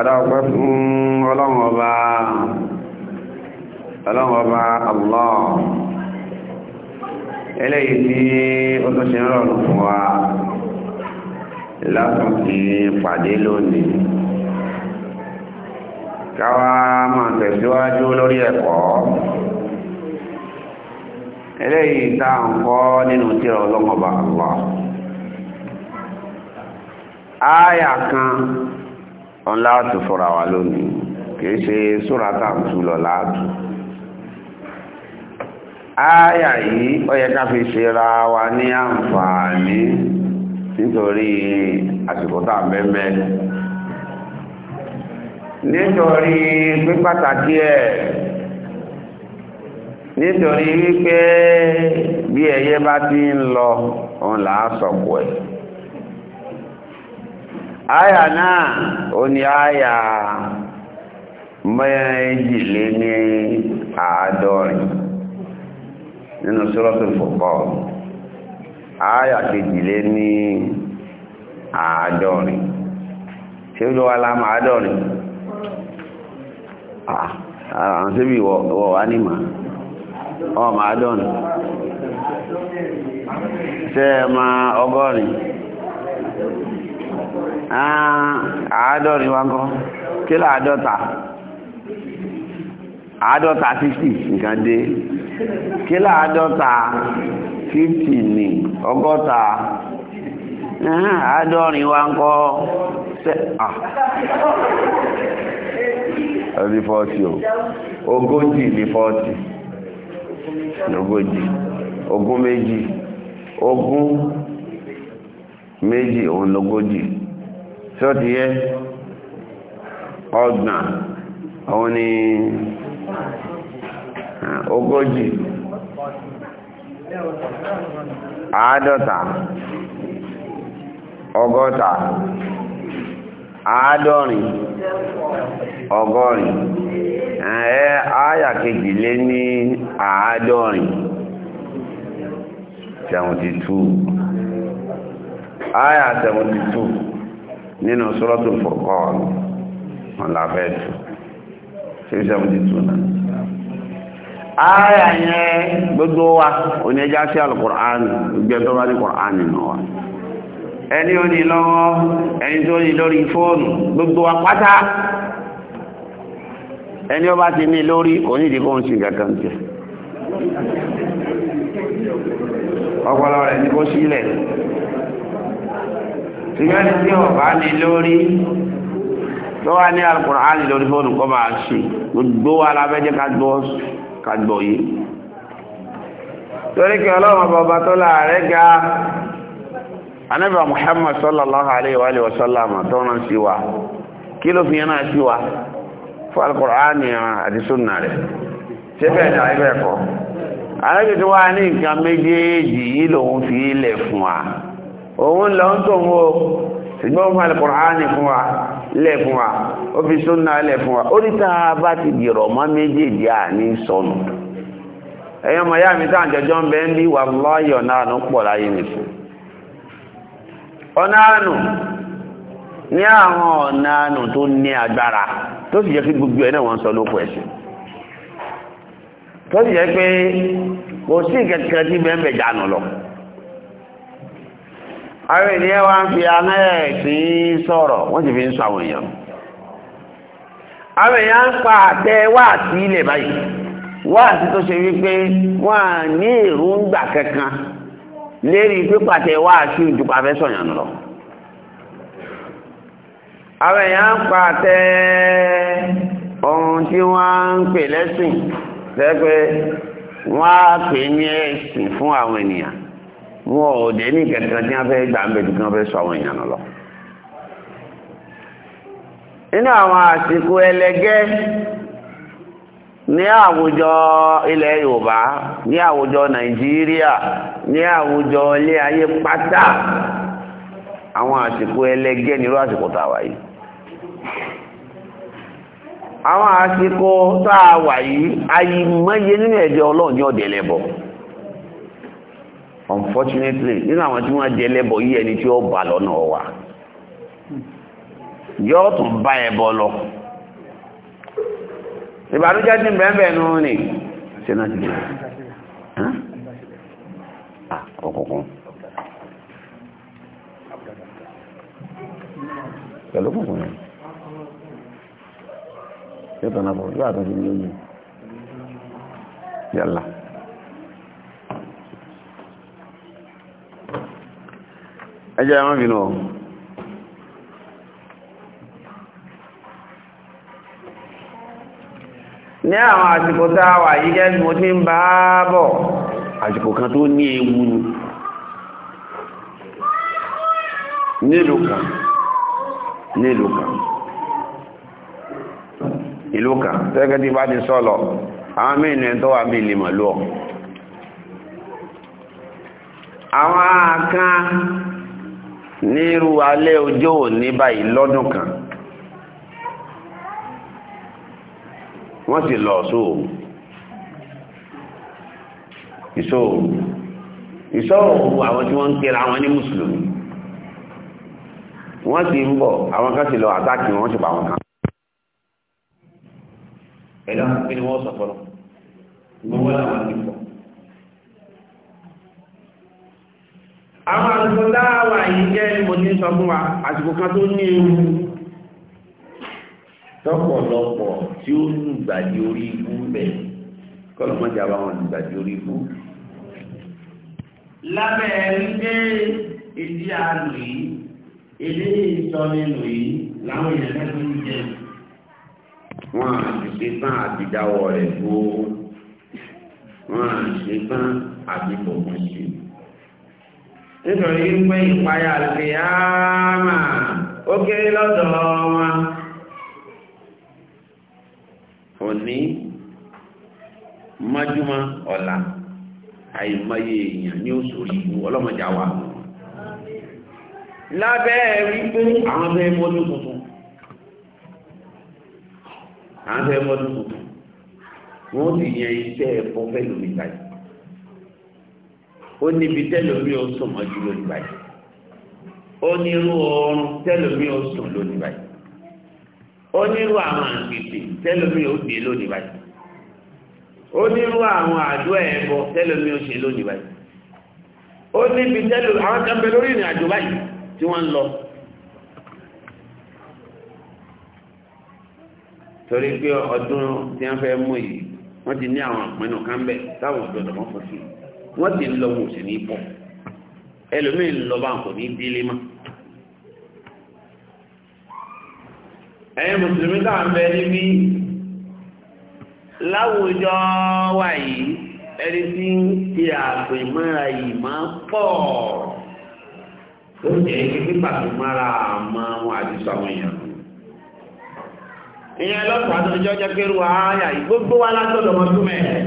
adáwọ̀pẹ́ fún ọlọ́run ọba ọlọ́run ọba Allah eléyìí tí ó tó ṣe rọrùn fún wa látún ti pàdé lónìí káwa máa tẹ̀síwájú lórí ẹ̀kọ́ eléyìí tá ń kọ́ nínú tírà ọlọ́run ọba Allah ááyà kan ọ̀n láàtù fúnra wa lónìí kìí ṣe súra táàtù lọ láàtù ááyà yìí ó yẹ ká fi ṣe ra wa ní àǹfààní nítorí àsìkò tá mẹ́mẹ́ nítorí pípàtàkì ẹ̀ nítorí wípé bí ẹyẹ bá ti ń lọ òun là á sọ̀pọ̀ ẹ̀ aya náà ó ní àyà méjìlé ní àádọ́rin nínú Suratul Furqan aya kejìlé ní àádọ́rin ṣe ló wá lámà àádọ́rin àwọn tí bí wá ní màá ọmọ àádọ́rin ṣe ma ọgọ́rin Ah, àádọ́rin wá gọ́ kí lọ àádọ́ta àádọ́ta 50 nǹkan dé kí lọ àádọ́ta 50 ní ọgọ́ta àádọ́rin wá 40 ah. o ogójì tó ti yẹ ọgbọ̀n òun ni ogójì àádọ́ta ọgọ́ta àádọ́rin ọgọ́rin ẹ̀ áyà kejì lé ní àádọ́rin 72 áyà 72 nínú sọ́lọ́tù fọ̀kọ́ọ̀lù wọn làbẹ́ tù ṣe seventy two náà. Aya yẹn gbogbo wa oníjà sí alukùránì gbẹ̀tọ́ bá ní kùránì nù wa ẹni ó ní lọ́wọ́ ẹni tó ní lórí fóònù gbogbo apáta ẹni ó bá ti ní lórí onídìí kó ń sin kankan tẹ ọpọlọ rẹ̀ ní kó sílẹ̀ ìyọ́ ni tí ọ̀bá ní lórí tó wá ní Al-Qur'an lórí fóònù kọ́ máa ṣe gbogbo wa lábẹ́jẹ́ ká gbọ́ yìí torí kí ọlọ́run bọba tó láàrẹ́ ga anábà Muhammad sallallahu alaihi wa sallam tó rán sí wa kí ló fi yẹn náà sí wa fún Al-Qur'an àti súnà rẹ̀ ṣé bẹ́ẹ̀ ni àìbẹ̀ kọ́ anábì tó wá ní nǹkan méjèèjì yìí lòun fi ilẹ̀ fún wa òun lọ ń tóun o ṣùgbọ́n fún alìkùnránì fún wa lẹ̀ wa ó fi súnà lẹ̀ wa ó a bá ti dìrọ̀ mọ́ méjèèjì àní sọnù ẹ̀yọ́ mọ̀ yá mi táwọn ń bẹ ń bí wà lọ́yọ̀ náà ló pọ̀ láyé nìkan ọ̀nà àánú ní àwọn ọ̀nà àánú tó ní agbára tó sì jẹ́ kí gbogbo ẹ̀ náà wọ́n sọ lóko ẹ̀sìn tó àwọn ènìyàn wá ń fi anáyẹ̀ sí sọ̀rọ̀ wọ́n sì fi ń sọ àwọn èèyàn àwọn èèyàn ń pa àtẹ wáàsí ilẹ̀ báyìí wáàsí tó ṣe wípé wọ́n à ní èròǹgbà kankan lérí pípàtẹ wáàsí ìjùpá fẹ́ sọ̀yàn lọ àwọn èèyàn ń pa àtẹ ohun tí wọ́n ń pè lẹ́sìn lẹ́pẹ́ wọ́n á pè ní ẹ̀sìn fún àwọn ènìyàn wọn ò dé ní kẹ̀kẹ́ tí wọ́n fẹ́ gbà ń bẹ̀ tí wọ́n fẹ́ sọ àwọn èèyàn lọ àwọn àsìkò ẹlẹgẹ́ ní àwùjọ ilẹ̀ Yorùbá ní àwùjọ Nàìjíríà ní àwùjọ ilé ayé pátá àwọn àsìkò ẹlẹgẹ́ nírú àsìkò tàwà yìí àwọn àsìkò tàwà yìí nínú unfortunately nínú àwọn tí wọ́n jẹ lẹ́bọ̀ yí ẹni tí ó bà lọ́nà wa yóò tún bá ẹbọ lọ ìbànújẹ́ tí bẹ́ẹ̀bẹ̀ nù ní ṣe náà ti bẹ̀rẹ̀ ọkùnkùn pẹ̀lú kùnkùn rẹ̀ yóò tọ́nà bọ̀ yóò àtọ́jú ní ojú yálà ẹjẹ́ ẹ̀wọ́n bínú ọ̀ ní àwọn àsìkò tá a wà yí gẹ́gẹ́ mo ti ń bá bọ̀ àsìkò kan tó ní ewu ni nílùú kan nílùú kan ìlú kan tẹ́gẹ́ tí bá ti sọ́lọ̀ àwọn mìíràn tó wà bí ìlìmọ̀ lọ́ọ̀ àwọn kan nírú alẹ́ ọjọ́ òní báyìí lọ́dún kan wọ́n sì lọ sóòrù ìṣòòrù ìṣòòrù àwọn tí wọ́n ń pera wọn ní mùsùlùmí wọ́n sì ń bọ̀ àwọn kan sì lọ àtàkì wọ́n sì bá kan ẹ̀dá ni wọ́n sọ fọ́lọ́ gbogbo àwọn àti àwọn àtúntò dáwà yìí jẹ́ mo ní sọ fún wa àsìkò kan tó ní ewu tọ́pọ̀lọpọ̀ tí ó ní ìgbàdí orí ibú bẹ̀ kọ́lọ̀mọ́jà bá wọn ìgbàdí orí ibú lábẹ́ ẹni pé ìdí àlù yìí ilé ìsọ nínú yìí láwọn èèyàn lẹ́nu ń jẹ wọn àṣìṣe tán àtìdáwọ̀ rẹ̀ gbó wọn àṣìṣe tán àtìbọ̀gbọ̀n ṣe nítorí wípé ìpayà àlùkìyámà ó kéré lọ́dọ̀ wọn òní májúmọ́ ọ̀la àìmọye èèyàn ní òṣòrí ìlú ọlọ́mọjà wa lábẹ́ wípé àwọn fẹ́ mọ́dún tuntun àwọn fẹ́ mọ́dún tuntun wọ́n sì yẹn iṣẹ́ ẹ̀fọ́ fẹ́ lómi báyìí ó níbi tẹ́lómi ó sùn mọ́jú lónìí báyìí ó nírú oorun tẹ́lómi ó sùn lónìí báyìí ó nírú àwọn àgbègbè tẹ́lómi ó dé lónìí báyìí ó nírú àwọn àjọ ẹ̀bọ tẹ́lómi ó ṣe lónìí báyìí ó níbi tẹ́lómi àwọn kan bẹ lórí ìrìn àjò báyìí tí wọ́n ń lọ torí pé ọdún tí wọ́n fẹ́ mú yìí wọ́n ti ní àwọn àpinnu kan bẹ̀ táwọn ọ̀dọ́ wọn fọ́ sí i wọ́n ti lọ wò sí ní bọ̀ ẹlòmíì ń lọ bá ń kò ní délé mọ́. ẹ̀yin mùsùlùmí tá à ń bẹ níbí láwùjọ wa yìí ẹni tí ń ti àgbè mọ́ra yìí máa pọ̀ ó jẹ́ ike pípa tó mọ́ra àmọ́ àwọn àdìsọ àwọn èèyàn ìyẹn lọ́sàn-án tó jọ́jọ́ kérú ààyà yìí gbogbo wa látọ̀dọ̀ ọmọdún mẹ́rin.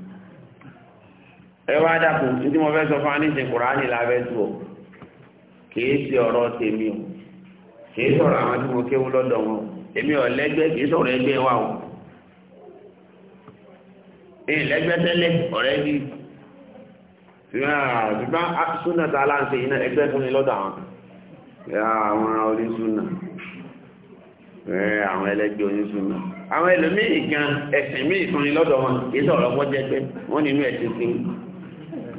ẹwà dàpọ̀ tí mo fẹ́ sọ fún aníṣe kùránì lábẹ́ tó o kìí ṣe ọ̀rọ̀ tèmi o kìí sọ̀rọ̀ àwọn tí mo kéwú lọ́dọ̀ wọn èmi ò lẹ́gbẹ́ kìí sọ̀rọ̀ ẹgbẹ́ wa o èyí lẹ́gbẹ́ tẹ́lẹ̀ ọ̀rẹ́ bí ṣùgbọ́n súnà tá a lá ń ṣe iná ẹgbẹ́ fún mi lọ́dọ̀ àwọn àwọn oníṣúnà àwọn ẹlẹ́gbẹ́ oníṣúnà àwọn ẹlòmíì gan ẹ̀sìn míì fún mi lọ́dọ̀ wọn kìí sọ̀rọ̀ ọgbọ́n jẹ́gbẹ́ wọ́n nínú ẹ̀sìn sí i.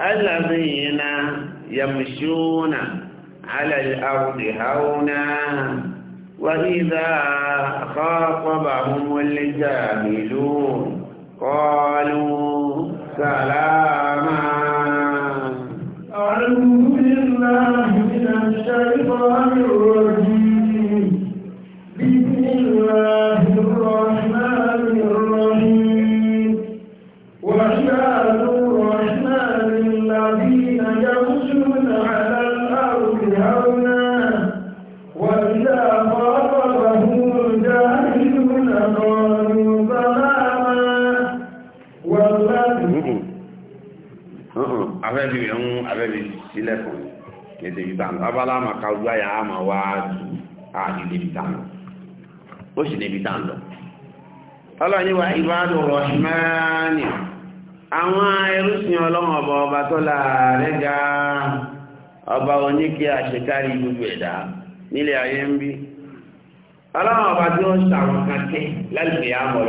الذين يمشون على الأرض هونا وإذا خاطبهم الجاهلون قالوا سلاما أعوذ بالله من الشيطان الرجيم sílẹ̀ fún kéde ìtàn abala maka ojú ya àmà wá àdìlé ìtàn ó o si ìtàn lọ ọlọ́yìn wa ìbádùn rọ̀ṣmánì àwọn ẹrúsìn ọlọ́run ọba ọba tó láàrẹ́ ga ọba oníkẹ́ àṣekárí gbogbo ẹ̀dá nílé ayé ń bí ọba tí ó ń sàwọn kankẹ́ lálùkẹ́ àwọn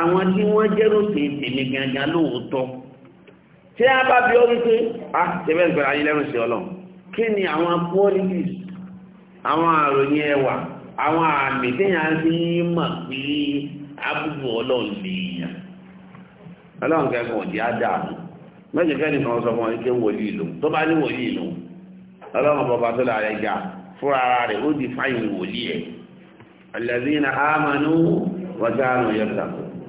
àwọn tí wọ́n jẹ́rò sí tèmi gangan lóòótọ́ tí a bá bí ó pé a tẹ́bẹ̀ ìgbẹ̀rẹ̀ ayé lẹ́rùn sí ọlọ́run kí ni àwọn qualities àwọn àròyìn ẹwà àwọn àmì téèyàn fi mọ̀ pé abúgbò ọlọ́run lèèyàn ọlọ́run kẹ́kọ̀ọ́ ọ̀dí ádámù mẹ́jọ kẹ́ni kan sọ fún ike wòlíì lòun tó bá ní wòlíì lòun ọlọ́run bọba tó lára ẹja fúra ara rẹ̀ ó di fáyìn wòlíì ẹ̀ alladhina amanu wa kanu yattaqun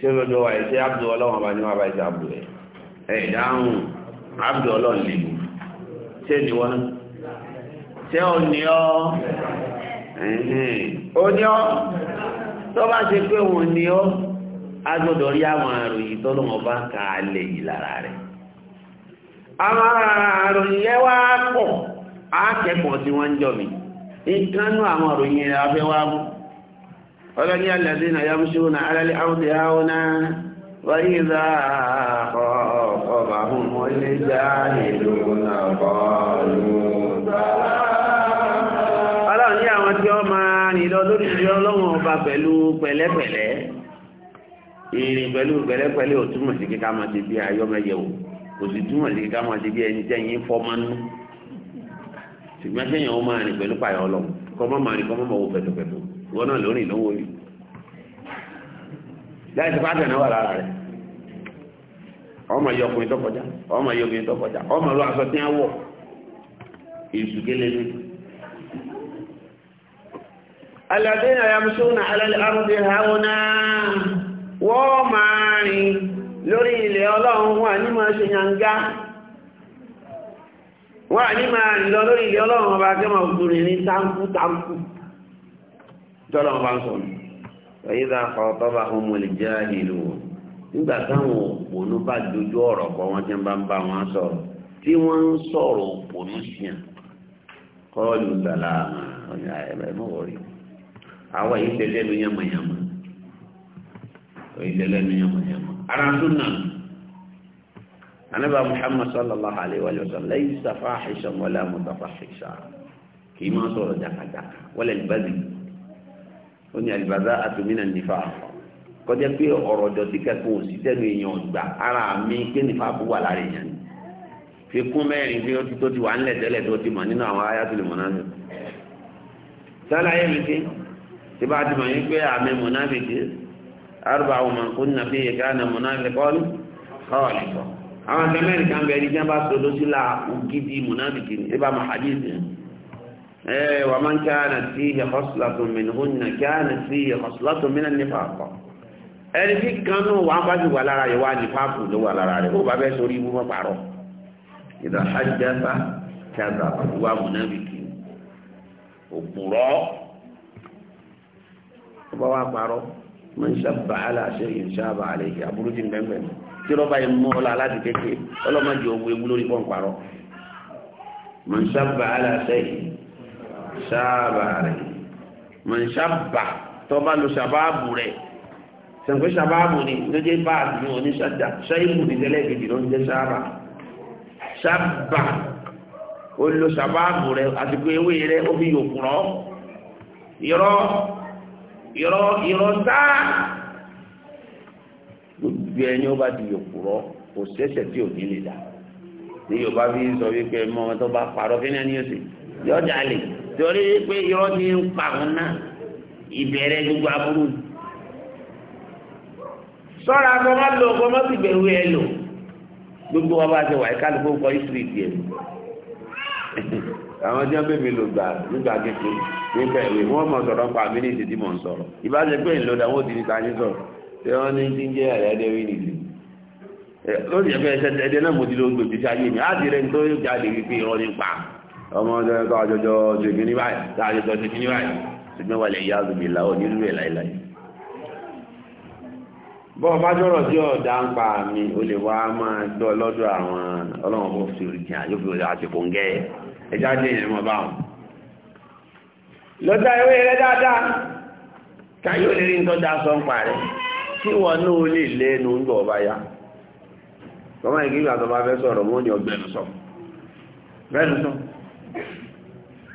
ṣé lọ́jọ́ wa ìṣe abdu ọlọ́run ọba ní wọn bá ṣe abdu ẹ̀ ẹ̀ dáhùn abdu ọlọ́run lè mú ṣé ni wọn ṣé ò ní ọ ó ní ọ tó bá ṣe pé òun ní ọ a gbọ́dọ̀ rí àwọn àròyìn tọ́lọ́wọ́n bá ka lè yìí lára rẹ̀ àwọn àròyìn yẹn wá pọ̀ akẹ́kọ̀ọ́ tí wọ́n ń jọ mi ìkánú àwọn àròyìn yẹn afẹ́ wá mú ọlọ́ni alẹ́dínà ya mṣúrù na alẹ́lẹ́ áwùdí áwùná wáyíza ọ̀pọ̀ọ̀pọ̀ ahùn mọ́lé jáàrí lóòrùn àpọ̀ọ̀lù ọlọ́ni àwọn tí ó máa rìn lọ lórí ilé ọlọ́wọ̀n ọba pẹ̀lú pẹ̀lẹ́pẹ̀lẹ́ ìrìn pẹ̀lú pẹ̀lẹ́pẹ̀lẹ́ ò túmọ̀ sí kíká máa ti wọn náà lórí ìnáwó ni láì sí wà lára rẹ̀ ọmọ yọ ọkùnrin ọmọ yọ obìnrin ọmọ lọ aṣọ tí wọ́n wọ̀ ìṣùgélé ní alàdínà yamṣúnà alẹ́lẹ́ arúgbé haúná wọ́n máa rìn lórí ilẹ̀ ọlọ́run máa ṣe máa rìn lọ lórí ilẹ̀ ọlọ́run ọba tọ́lọ̀ ń bá ń sọ̀rọ̀ ọ̀yẹ́dà àkọ́tọ́bà ọmọlẹ̀ jẹ́ ìlú nígbà táwọn òpònú bá dojú ọ̀rọ̀ kọ́ wọn tí wọ́n bá ń bá wọn sọ̀rọ̀ tí wọ́n ń sọ̀rọ̀ òpònú síyàn kọ́ọ̀lù gbàlà ọ̀yà ẹ̀mọ́wọ̀rì àwọn yìí tẹ́lẹ̀ ló tẹ́lẹ̀ ló yànmọ̀yànmọ̀ ara Muhammad sallallahu alayhi wa sallam lẹ́yìn safahishan wala mutafahishan kì í máa sọ̀rọ̀ jàkàjàkà wala ìbàdí ó ní àlìbàdà àtòmínà nífà kọjá pé ọ̀rọ̀ dọ̀tí kẹ́kọ̀ọ́ òsì tẹ́nu èèyàn gbà ara mi pé nífà kó wà lára èèyàn fi kún mẹ́rin fi ọtí tó ti wà ńlẹ̀ tẹ́lẹ̀ tó ti mọ̀ nínú àwọn ayatollah mọ̀nàmì sálàyé mi ké tí bá ti mọ̀ yín pé àmì mọ̀nàmì ké arúgbó àwọn ọmọ nà fi yẹ̀ká nà mọ̀nàmì kọ́ọ̀lù kọ́ọ̀lù kọ́ àwọn akẹ́mẹ́rin kan bẹ̀rẹ̀ ìjàmbá sọdọ́sílà ògidì mọ̀nàmì ké ní ẹ bá mọ̀ hadith ومن كانت فيه خصلة منهن كانت فيه خصلة من النفاق ẹni tí kan náà wà bá ti wà lára rẹ̀ wà ní fáàpù ló wà lára rẹ̀ ó bá bẹ́ sórí ibú mọ́pàárọ̀ ìdáhájẹ́fà kẹta wà múnábìkì òpùrọ́ ọba wà pàárọ̀ mọ́ ìṣàbà aláṣẹ ìṣàbà àlẹ́yìn aburú ti bẹ́ẹ̀ tí rọ́bà yìí mọ́ ọlá láti kéke ọlọ́mọdé owó ewu lórí pọ́ǹpàárọ̀ mọ́ ìṣàbà aláṣẹ yìí ṣáàbà rẹ̀ mọ̀ ń ṣàbà tó bá lo ṣàbáàbù rẹ̀ sẹ̀ǹkó ṣàbáàbù ni ló jẹ́ bá àdúgbò oníṣàjà ṣáìbù ní tẹ́lẹ̀ kejì ló ń jẹ́ ṣáàbà ṣàbà ó lo ṣàbáàbù rẹ̀ àsìkò ewé rẹ̀ ó fi yòókù rọ́ ìrọ́ ìrọ́ ìrọ́ sáà gbogbo ẹni ó bá di yòókù rọ́ kò sẹ́sẹ̀ tí ò ní lè dà ní yorùbá fi sọ wípé mọ́ tó bá parọ́ kí ni yóò sì yọjà lè torí pé irọ́ ti ń pa òun náà ìbẹ̀rẹ̀ gbogbo aburú sọ́ra kọ́ má lò kọ́ má sì bẹ̀rù ẹ lò gbogbo wa bá ṣe wà kálukú kọ́ ìsìrì díẹ̀ àwọn tí wọ́n bèbè lò gbà nígbà kékeré nígbà ìwé wọ́n mọ̀ sọ̀rọ̀ pa mí ní ìdí mọ̀ ń sọ̀rọ̀ ìbáṣe pé ìlú ọ̀dà wọ́n ti ní ta ní sọ̀rọ̀ tí wọ́n ní ti ń jẹ́ ẹ̀rẹ́dẹ́wì nìyí lórí ẹ̀fẹ́ ẹ̀ṣẹ̀ ẹ̀dẹ́ náà mo ti lọ gbèbí sáyé mi á ti rẹ̀ ń tó jáde wípé irọ́ nípa ọmọ ọjọ́ ẹ̀kọ́ àjọjọ ṣègbè ní báyìí láàjọjọ ṣègbè ní báyìí ṣùgbọ́n wà lè yá àzùgbè láwọ̀ nílùú ẹ̀ láìláì bọ́ọ̀ bá jọ́rọ̀ tí ọ̀dá ń pa mi o lè wá máa gbọ́ lọ́dọ̀ àwọn ọlọ́run bó fi orí jìn àyófin orí àtìkò ń gẹ́ ẹjá jẹ́ ìyẹn mọ́ báwọn lọ́dọ̀ ìwé rẹ dáadáa káyọ̀ lè rí nǹkan sọ ń pa kí wọn náà lè lẹ́nu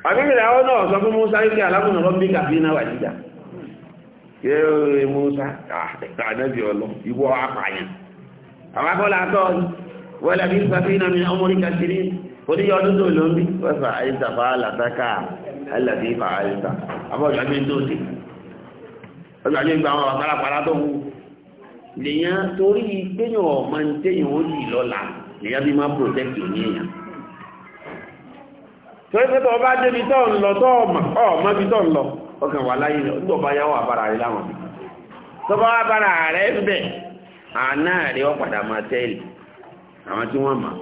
àbíbìrì àwọn náà sọ fún Musa ní alámùnà rọ́bí kàfí náà wà jíjà yẹ́ Musa àdábì ọlọ ìwọ apààyàn àwọn akọ́lá àtọ́ wọ́n lẹ́bí kàfí náà ní ọmọrí kàkiri oníyọ ọdún tó lọ bí wẹ́fà àìsà fàálà tákà alàbí fàálà abọ́jọ́ gbé tó ti ọjọ́ àjọ ìgbà àwọn àpárapàrá tó wù lèyàn torí gbéyàn ọmọ ní téyàn ó lì lọ́la lèyàn bí má protect òní èèyàn torí pé tọ́ bá débi tọ́ ń lọ tọ́ ọmọ ọmọ bí tọ́ ń lọ ọkàn wà láyé lọ nígbà bá yáwó àbára rẹ láwọn bí tọ́ bá bára rẹ ń bẹ̀ àná rẹ ọ padà máa tẹ́lì àwọn tí wọ́n mọ̀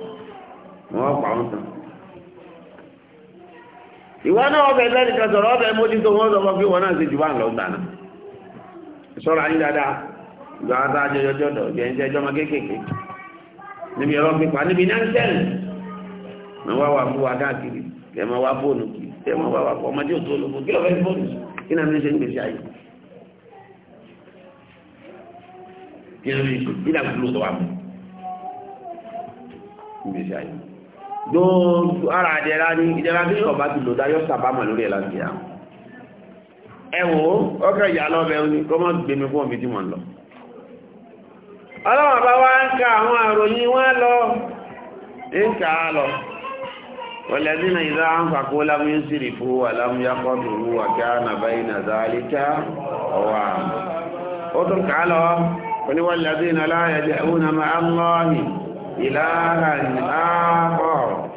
wọ́n pa wọn tán ìwọ náà ọbẹ̀ lẹ́nìkan sọ̀rọ̀ ọbẹ̀ mójútó wọn sọ fún pé wọn náà ṣe jù bá ń lọ gbà náà ìṣọ́ra yín dáadáa ìgbà wọn tá a jẹ ẹ máa wá fóònù kì ẹ máa wá wakọ̀ ọmọdé ò tó lóko kí lọ́ọ́ fẹ́ fóònù kí náà fi ṣe ń gbèsè ayé kí náà fi ṣe kí náà fi lóko wà mú gbèsè ayé gbogbo ara àdẹ̀ra ní ìdẹ̀ra bí ọba ti lò dáyọ́ sàbámà lórí ẹ̀lá ti àwọn ẹ̀wọ̀ ọkọ̀ ìyá lọ́bẹ̀ ní kọ́ mọ́ gbẹ̀mí fún ọmọ ìdímọ̀ lọ ọlọ́wọ̀n bá wá ń ka àwọn àròyìn wọ́n lọ ń ka lọ والذين إذا أنفقوا لم يسرفوا ولم يقتلوا وكان بين ذلك قواما اترك على والذين لا يدعون مع الله إلها آخر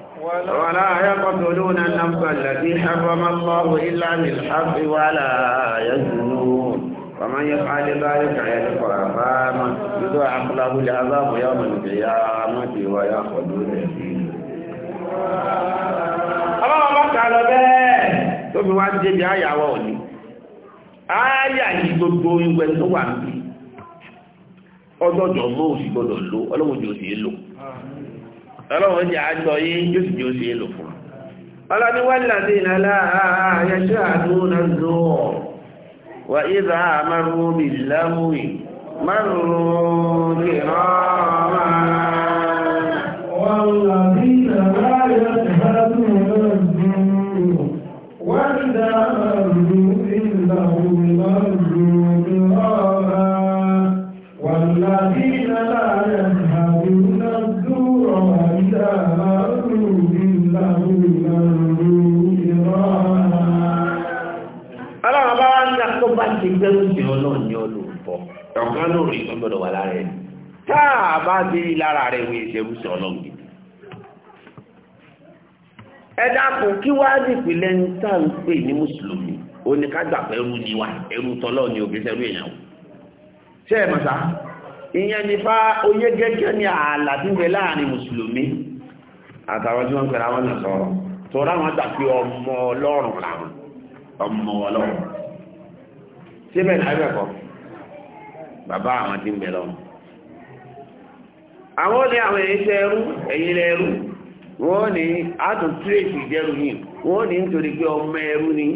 ولا يقتلون النفس التي حرم الله إلا بالحق ولا يزنون ومن يفعل ذلك يلقى أثاما يضاعف له العذاب يوم القيامة ويأخذ به ọlọ́wọ́ bá kà lọ bẹ́ẹ̀ tó fi wá débi àyàwó òní àyà yìí gbogbo ìwẹ̀ tó wà níbi ọjọ́jọ́ mọ́ òsì gbọ́dọ̀ lò ọlọ́wọ́ jù sí lò ọlọ́wọ́ jẹ́ àjọ yìí yóò sì jù sí lò fún ọlọ́ni wọ́lọ́dé lọ́lá والذين لا يشهدون وإذا أرضوا إنهم مرضوا كراما والذين لا يشهدون الزور وإذا مرضوا إنهم مرضوا كراما ọlọ́run bá wá ń dá tó bá ti gbẹ́rù jẹ́ ọlọ́run ní olùfọ́ ọ̀kan lórí tó gbọ́dọ̀ wà lára ẹ̀ táà bá ti rí lára rẹ̀ wọ́n ìṣẹ́rú sí ọlọ́run gidi ẹ dákun kí wá nípìnlẹ̀ ń tà ń pè ní mùsùlùmí oníkágbàpẹ́ ẹrú ni wà ẹrú tọ́lọ́ ni òbí sẹ́rú èèyàn ṣé ẹ mọ̀sá ìyẹn nípa oyé gẹ́gẹ́ ní ààlà tí ń bẹ láàrin mùsùlùmí àtàwọn tí wọ́n ń pẹ̀lú àwọn náà sọ̀rọ̀ tọ́ra àwọn gbà pé ọmọ ọlọ́run làwọn ọmọ ọlọ́run síbẹ̀ náà ẹ̀bẹ̀ kọ́ bàbá àwọn tí ń bẹ lọ́run àwọn ní àwọn ẹ̀ṣẹ́ ẹrú ẹ̀yìn ẹrú wọ́n tírèsì wọ́n pé ọmọ ẹrú ni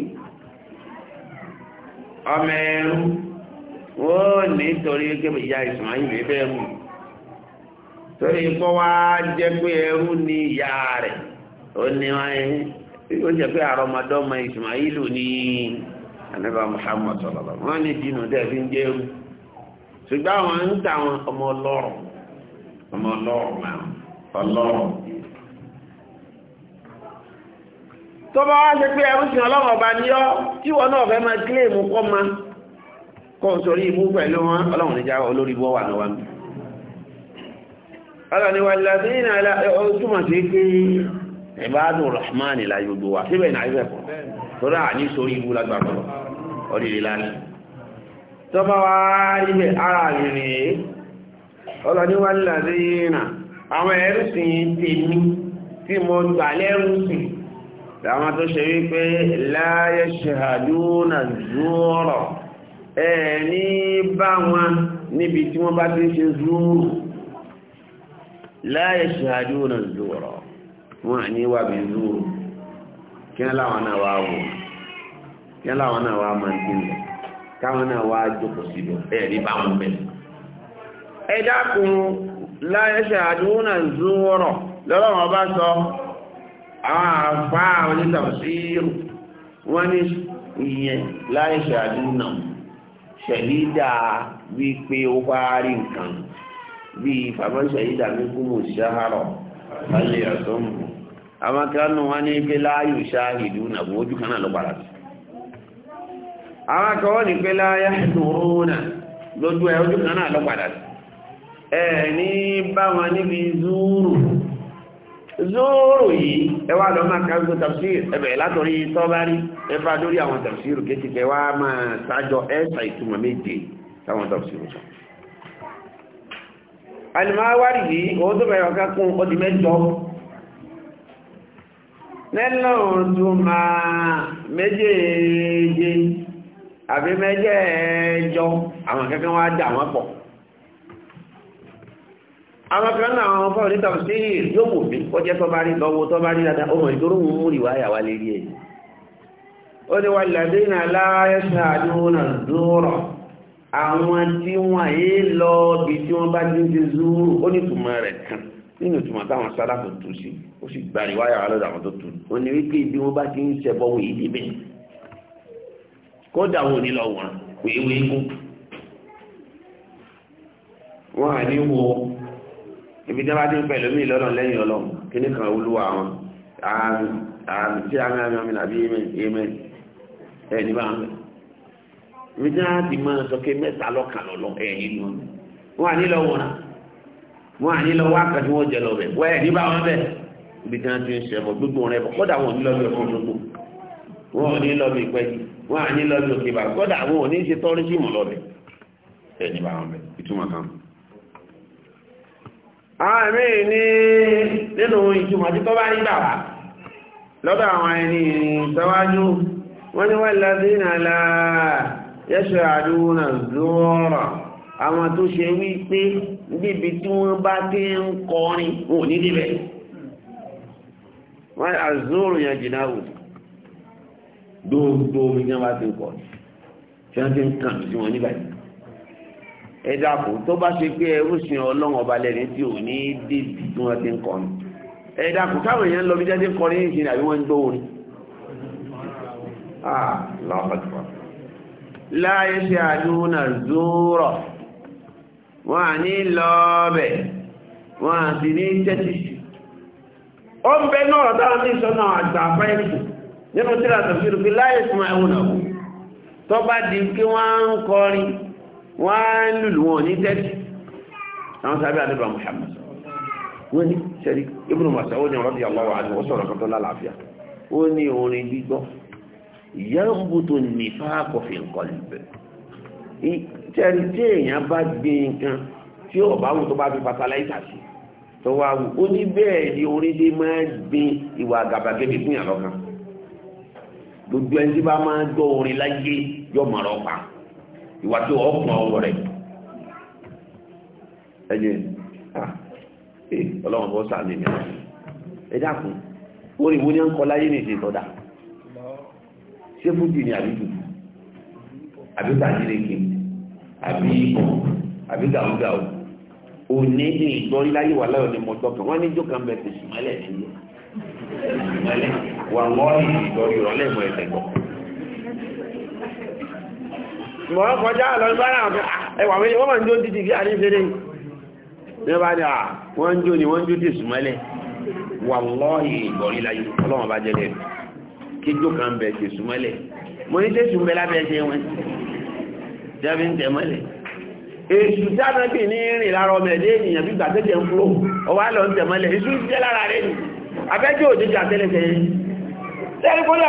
ọmọ ẹrú wọ́n ní nítorí pé ìyá Ismail ẹ̀fẹ́ ẹrú torí kọ́ wá jẹ́ pé ẹrú ni ìyá rẹ̀ ó ní wáyé ó wọ́n ní dínú dẹ́ẹ̀fín ọmọ ọmọ ọlọ́ọ̀mà ọlọ́ọ̀ tó bá wá ṣe pé ẹrúsìn ọlọ́run ọba ní ọ́ tí wọn náà fẹ́ máa kílèmù kọ́ ma kọ́ sórí imú pẹ̀lú wọn ọlọ́run níjà olórí bọ́ wà lọ́wọ́ mi ọlọ́run ni wàlá sí ní àlá túmọ̀ sí pé ìbádùn rahman la yóò gbowà síbẹ̀ ní àyẹ̀fẹ̀ kọ́ torí àní sórí ibú lágbàgbọ́ ọdí ìlànà tó bá wá rí bẹ́ẹ̀ ara rìnrìn ọlọ́dúnwà lọ́dún yìíràn àwọn ẹrúsìn tèmi tí mo gbà lẹ́rúsìn láwọn tó ṣe wípé láyé ṣàdúnà zúọ̀rọ̀ ẹ̀ ní bá wọn níbi tí wọ́n bá ti ṣe zúọ̀rọ̀ láyé ṣàdúnà zúọ̀rọ̀ wọn ní wà bí zúọ̀rọ̀ kí láwọn náà wá wò káwọn náà wá jókòó síbẹ̀ ẹ̀ bá wọn bẹ̀rẹ̀ ẹ̀dàkùn láyẹ́ṣẹ́ àdúnà zúwọ́rọ̀ lọ́lọ́wọ́ bá sọ àwọn àfá onítàfsírù wọ́n ní ìyẹn láyẹ́ṣẹ́ àdúnà ṣẹ̀lídà wípé ó bá rí nǹkan bí ìfàmọ́ ṣẹ̀lídà àwọn kanú wọn pé láyò ṣáhìdú nà náà lójú ẹ̀ẹ̀ni bá wọn níbi zúúrù zúúrù yìí ẹwà lọ máa ká gbọ́ tafsir ẹbẹ̀ látorí tọ́bárí ẹfà lórí àwọn tafsir kéti kẹwà máa sájọ ẹ́sà ìtumọ̀ méje táwọn tafsir sọ alìmọ́wárì yìí ó tó bẹ̀rẹ̀ ọ̀ká kún ó di mẹ́jọ lẹ́lọ́ọ̀túnmà méjèèje àbí mẹ́jẹ̀ẹ́jọ àwọn kẹ́kẹ́ wá dà wọ́n pọ̀ àwọn kan náà àwọn fọ́ọ̀ níta sí yóò wò mí kọjẹ́ tó bá rí lọ́wọ́ tó bá rí dáadáa ó mọ̀ ìdúró mú mú rí wáyà wá lérí ẹ̀ ó ní wà lẹ́dí náà láyé sáàdúró náà dúró àwọn tí wọ́n yé lọ bí tí wọ́n bá dín ti zúúrù ó ní ìtumọ̀ rẹ̀ kan nínú ìtumọ̀ táwọn ibi tí a bá ti ń pẹ̀ lómi lọ́nà lẹ́yìn ọlọ́run kí ní kan olúwa wọn àmì tí a ń rán amen ẹni bá ń rẹ̀ ibi tí a ti máa sọ pé mẹ́ta lọ́kàn lọ́lọ́ ẹ̀yìn lọ wọn à ní lọ wọn wọn à ní lọ wá kan tí wọ́n jẹ lọ bẹ̀ wọ́n ẹ̀yìn bá wọn bẹ̀ ibi tí a ti ń ṣẹ̀bọ̀ gbogbo rẹ̀ bọ̀ kódà wọn ò ní lọ bí ọkọ̀ gbogbo wọn ò ní lọ bí ìpẹ́ wọn à ní lọ bí òkè bá kódà wọn ò ní ṣe tọ́rí sí àwọn ẹ̀mí ní nínú ìtumọ̀ tí kọ́ bá rí bàbá lọ́dọ̀ àwọn ẹni ìtọ́wájú wọ́n ní wọ́n lásí nàlá yẹ́ṣọ́ àdúgbò lóòrọ̀ àwọn tó ṣe wí pé níbi tí wọ́n bá ti ń kọrin wò ní níbẹ̀ wọ́n àzóòrò yẹn jìnnà wò gbogbo omi tí wọ́n ẹ dàpọ̀ tó bá ṣe pé ẹrú sin ọlọ́run ọba lẹ́ni tí ò ní débi tí wọ́n ti ń kọrin ẹ dàpọ̀ táwọn èèyàn lọ bí jáde kọrin ní ìsìn àbí wọ́n ń gbọ́ orin. láyé ṣe àdúnà zúrọ̀ wọ́n à ní lọ́ọ̀bẹ̀ wọ́n à sì ní tẹ́tì. ó ń bẹ náà táwọn ní sọ́nà àgbà fáìlì nínú tíra tàbí rúbi láyé sùn ẹ̀hún náà tó bá di kí wọ́n ń kọrin wọ́n á ń lùlù wọn ní tẹ́tì àwọn sábẹ́ àdébà Muhammad wọ́n ní sẹ́rí Ibnu Mas'ud radiyallahu anhu wọ́n sọ̀rọ̀ kan tó lálàáfíà ó ní orin gbígbọ́ yanbutu an-nifaq fi al-qalb tẹ́rí tí èèyàn bá gbé nǹkan tí ó bá wù tó bá fi fatalaita sí tó wá wù ó ní bẹ́ẹ̀ ni orin dé máa gbin ìwà àgàbàgebè fún yàrá kan gbogbo ẹni tí bá máa gbọ́ orin láyé yọ mọ̀rọ̀ pa ìwà tí wọ́n kún ọwọ́ rẹ̀ ẹ̀yẹ eh, ọlọ́run bọ́ sáà nìyẹn ẹ dákun orí wo ni à láyé nìyí tọ́da ṣé fújì ni àbí dùdú àbí tàjíríkì àbí ikọ̀ àbí gàúgàú òní ní ìgbọ́rí láyé wà láyọ̀ ni mo tọ́kàn wọ́n ní jókàn bẹ̀ tẹ̀sùmọ́lẹ̀ nílò ìmọ̀lẹ̀ wà wọ́n ní ìgbọ́rí ìrọ̀lẹ́ ìmọ̀ ẹ̀tẹ̀gbọ̀n mọ̀ ọ́ kọjá lọ gbára ẹwà mi wọ́n máa ń jó títí fi àrí fèrè ní bá ní à ah, wọ́n ń jó ni wọ́n ń jó tí sùmọ́lẹ̀ wà lọ́ọ̀yì ìgbọ̀rí láyé ọlọ́wọ́n bá jẹ́ lẹ́nu kí jó kan bẹ̀ tí sùmọ́lẹ̀ mo ní tẹ́sù ń bẹ lábẹ́ ẹsẹ̀ wọn jábí ń tẹ̀ mọ́lẹ̀ èṣù jáde bì ní rìn lára ọmọ ẹ̀dẹ́ ènìyàn bí gbàtẹ́jẹ̀ ń fúlò ọwọ́ àlọ́ ń tẹ̀ mọ́lẹ̀ èṣù jẹ́ lára rẹ̀ ni abẹ́jọ́ òjijì àtẹ́lẹsẹ̀ yẹn tẹ́lifóyà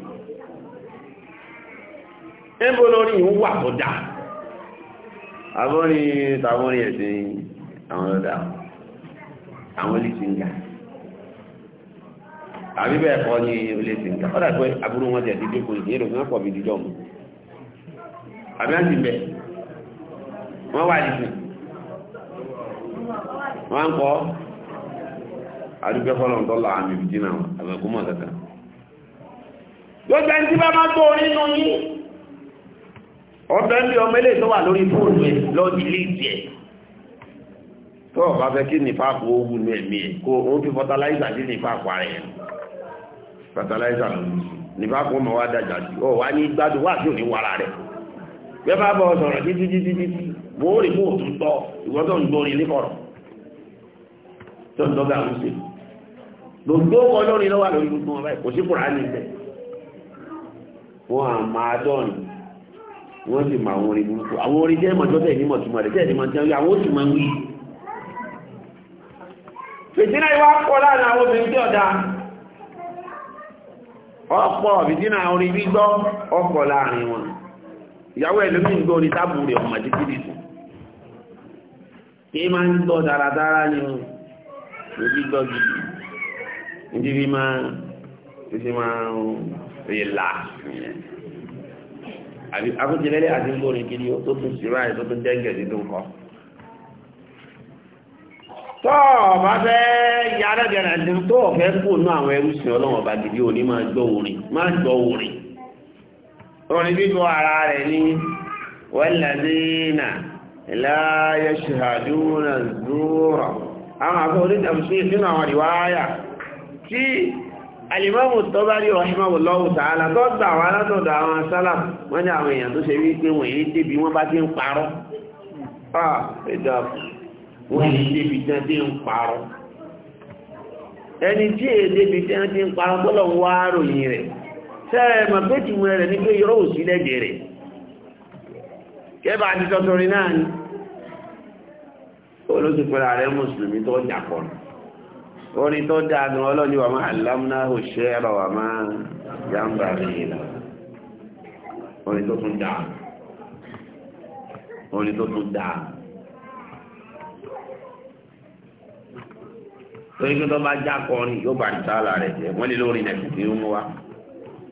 níbo lórí ìhún wà tó dá àbọ́rin tàbọ́rin ẹ̀sìn àwọn ọ̀dá àwọn olíṣìngà àbí bẹ́ẹ̀ kọ́ ní olíṣìngà ọ́dà pé aburú wọn jẹ̀ dídí kò ìdí èrò fún ọ̀pọ̀ bíi dídọ́ mu àbí la àmì ìbìjì náà àbẹ̀kú mọ̀ kankan gbogbo ẹni tí bá máa tó orí nù yín ọ̀fẹ́ ní ọmọ ilé tó wà lórí fóònù ẹ̀ lọ́dí léèdì ẹ̀ tó ọ̀bá fẹ́ kí ní fáàpù owó ní ẹ̀mí ẹ̀ kó o fi fọtaláìsà sí ní fáàpù ara ẹ̀ fọtaláìsà ní fáàpù ọmọ wa dájà sí ọ wá ní gbádùn wá sí òní wàrà rẹ̀ bẹ́ẹ̀ bá bọ̀ sọ̀rọ̀ títí títí títí mo rí mo tún ìwọ́n tó ń gbórin ní kọ̀rọ̀ tó ń dọ́gà ń ṣe gbogbo ọlọ́rin lọ́wọ́ lórí gbogbo ọba wọ́n sì máa wọn rí burúkú àwọn orin jẹ́ ìmọ̀jọ́ ní mọ̀túnmọ̀ rẹ̀ tẹ̀ ní mọ̀túnmọ̀ àwọn ó máa ń wí. ìwà pọ̀ láàrin àwọn obìnrin tí ọ̀dà ọ̀pọ̀ orin gbígbọ́ ọ̀pọ̀ láàrin wọn ìyàwó ń gbọ́ orin tábù rẹ̀ ọmọ kí máa ń gbọ́ dáradára ni gidi àbí akójẹlẹ́lẹ́ àti ńgbórin kiri ó tó tún síra ẹ̀ tó tún jẹ́gẹ̀ sí tó ń kọ́. tó o bá fẹ́ ya alábẹ̀rẹ̀ àti tó o fẹ́ kó nú àwọn ẹrú sí ọlọ́wọ́n bá gidi òní máa gbọ́ orin máa gbọ́ orin. orin bíbọ ara rẹ̀ ní wẹ́lẹ́dínà láyé zúrọ̀ àwọn àfọ oníjàmùsí sínú àwọn ìwáyà tí alìmọ́mù tọ́bárí rahimahullahu ta'ala tó gbà wá látọ̀dọ̀ àwọn sálà wọ́n ní àwọn èèyàn tó ṣe wí pé wọ́n èyí débi wọ́n bá ti ń parọ́ wọ́n èyí débi tán ti ń parọ́ ẹni tí èyí débi tán ti ń parọ́ tọ́lọ̀ ń wá ròyìn rẹ̀ sẹ́ẹ̀ mọ̀ pé tìmọ̀ rẹ̀ ní pé yọ́rọ̀ òsì lẹ́gbẹ̀ẹ́ rẹ̀ kẹ́bà àti tọ́tọ́rin náà ni olóṣèpẹ̀lá rẹ̀ mùsùlùmí tó jà kọ́nù orin tó dánu ọlọ́ni wà máa lámúná òṣẹ́ ẹ̀rọ wà máa yàmbà rí ìlà orin tó tún dáa orin tó tún dáa torí pé tó bá já kọrin yóò bá ìtàlá rẹ̀ jẹ́ wọ́n lè lórí nẹ̀kì tí ó mú wa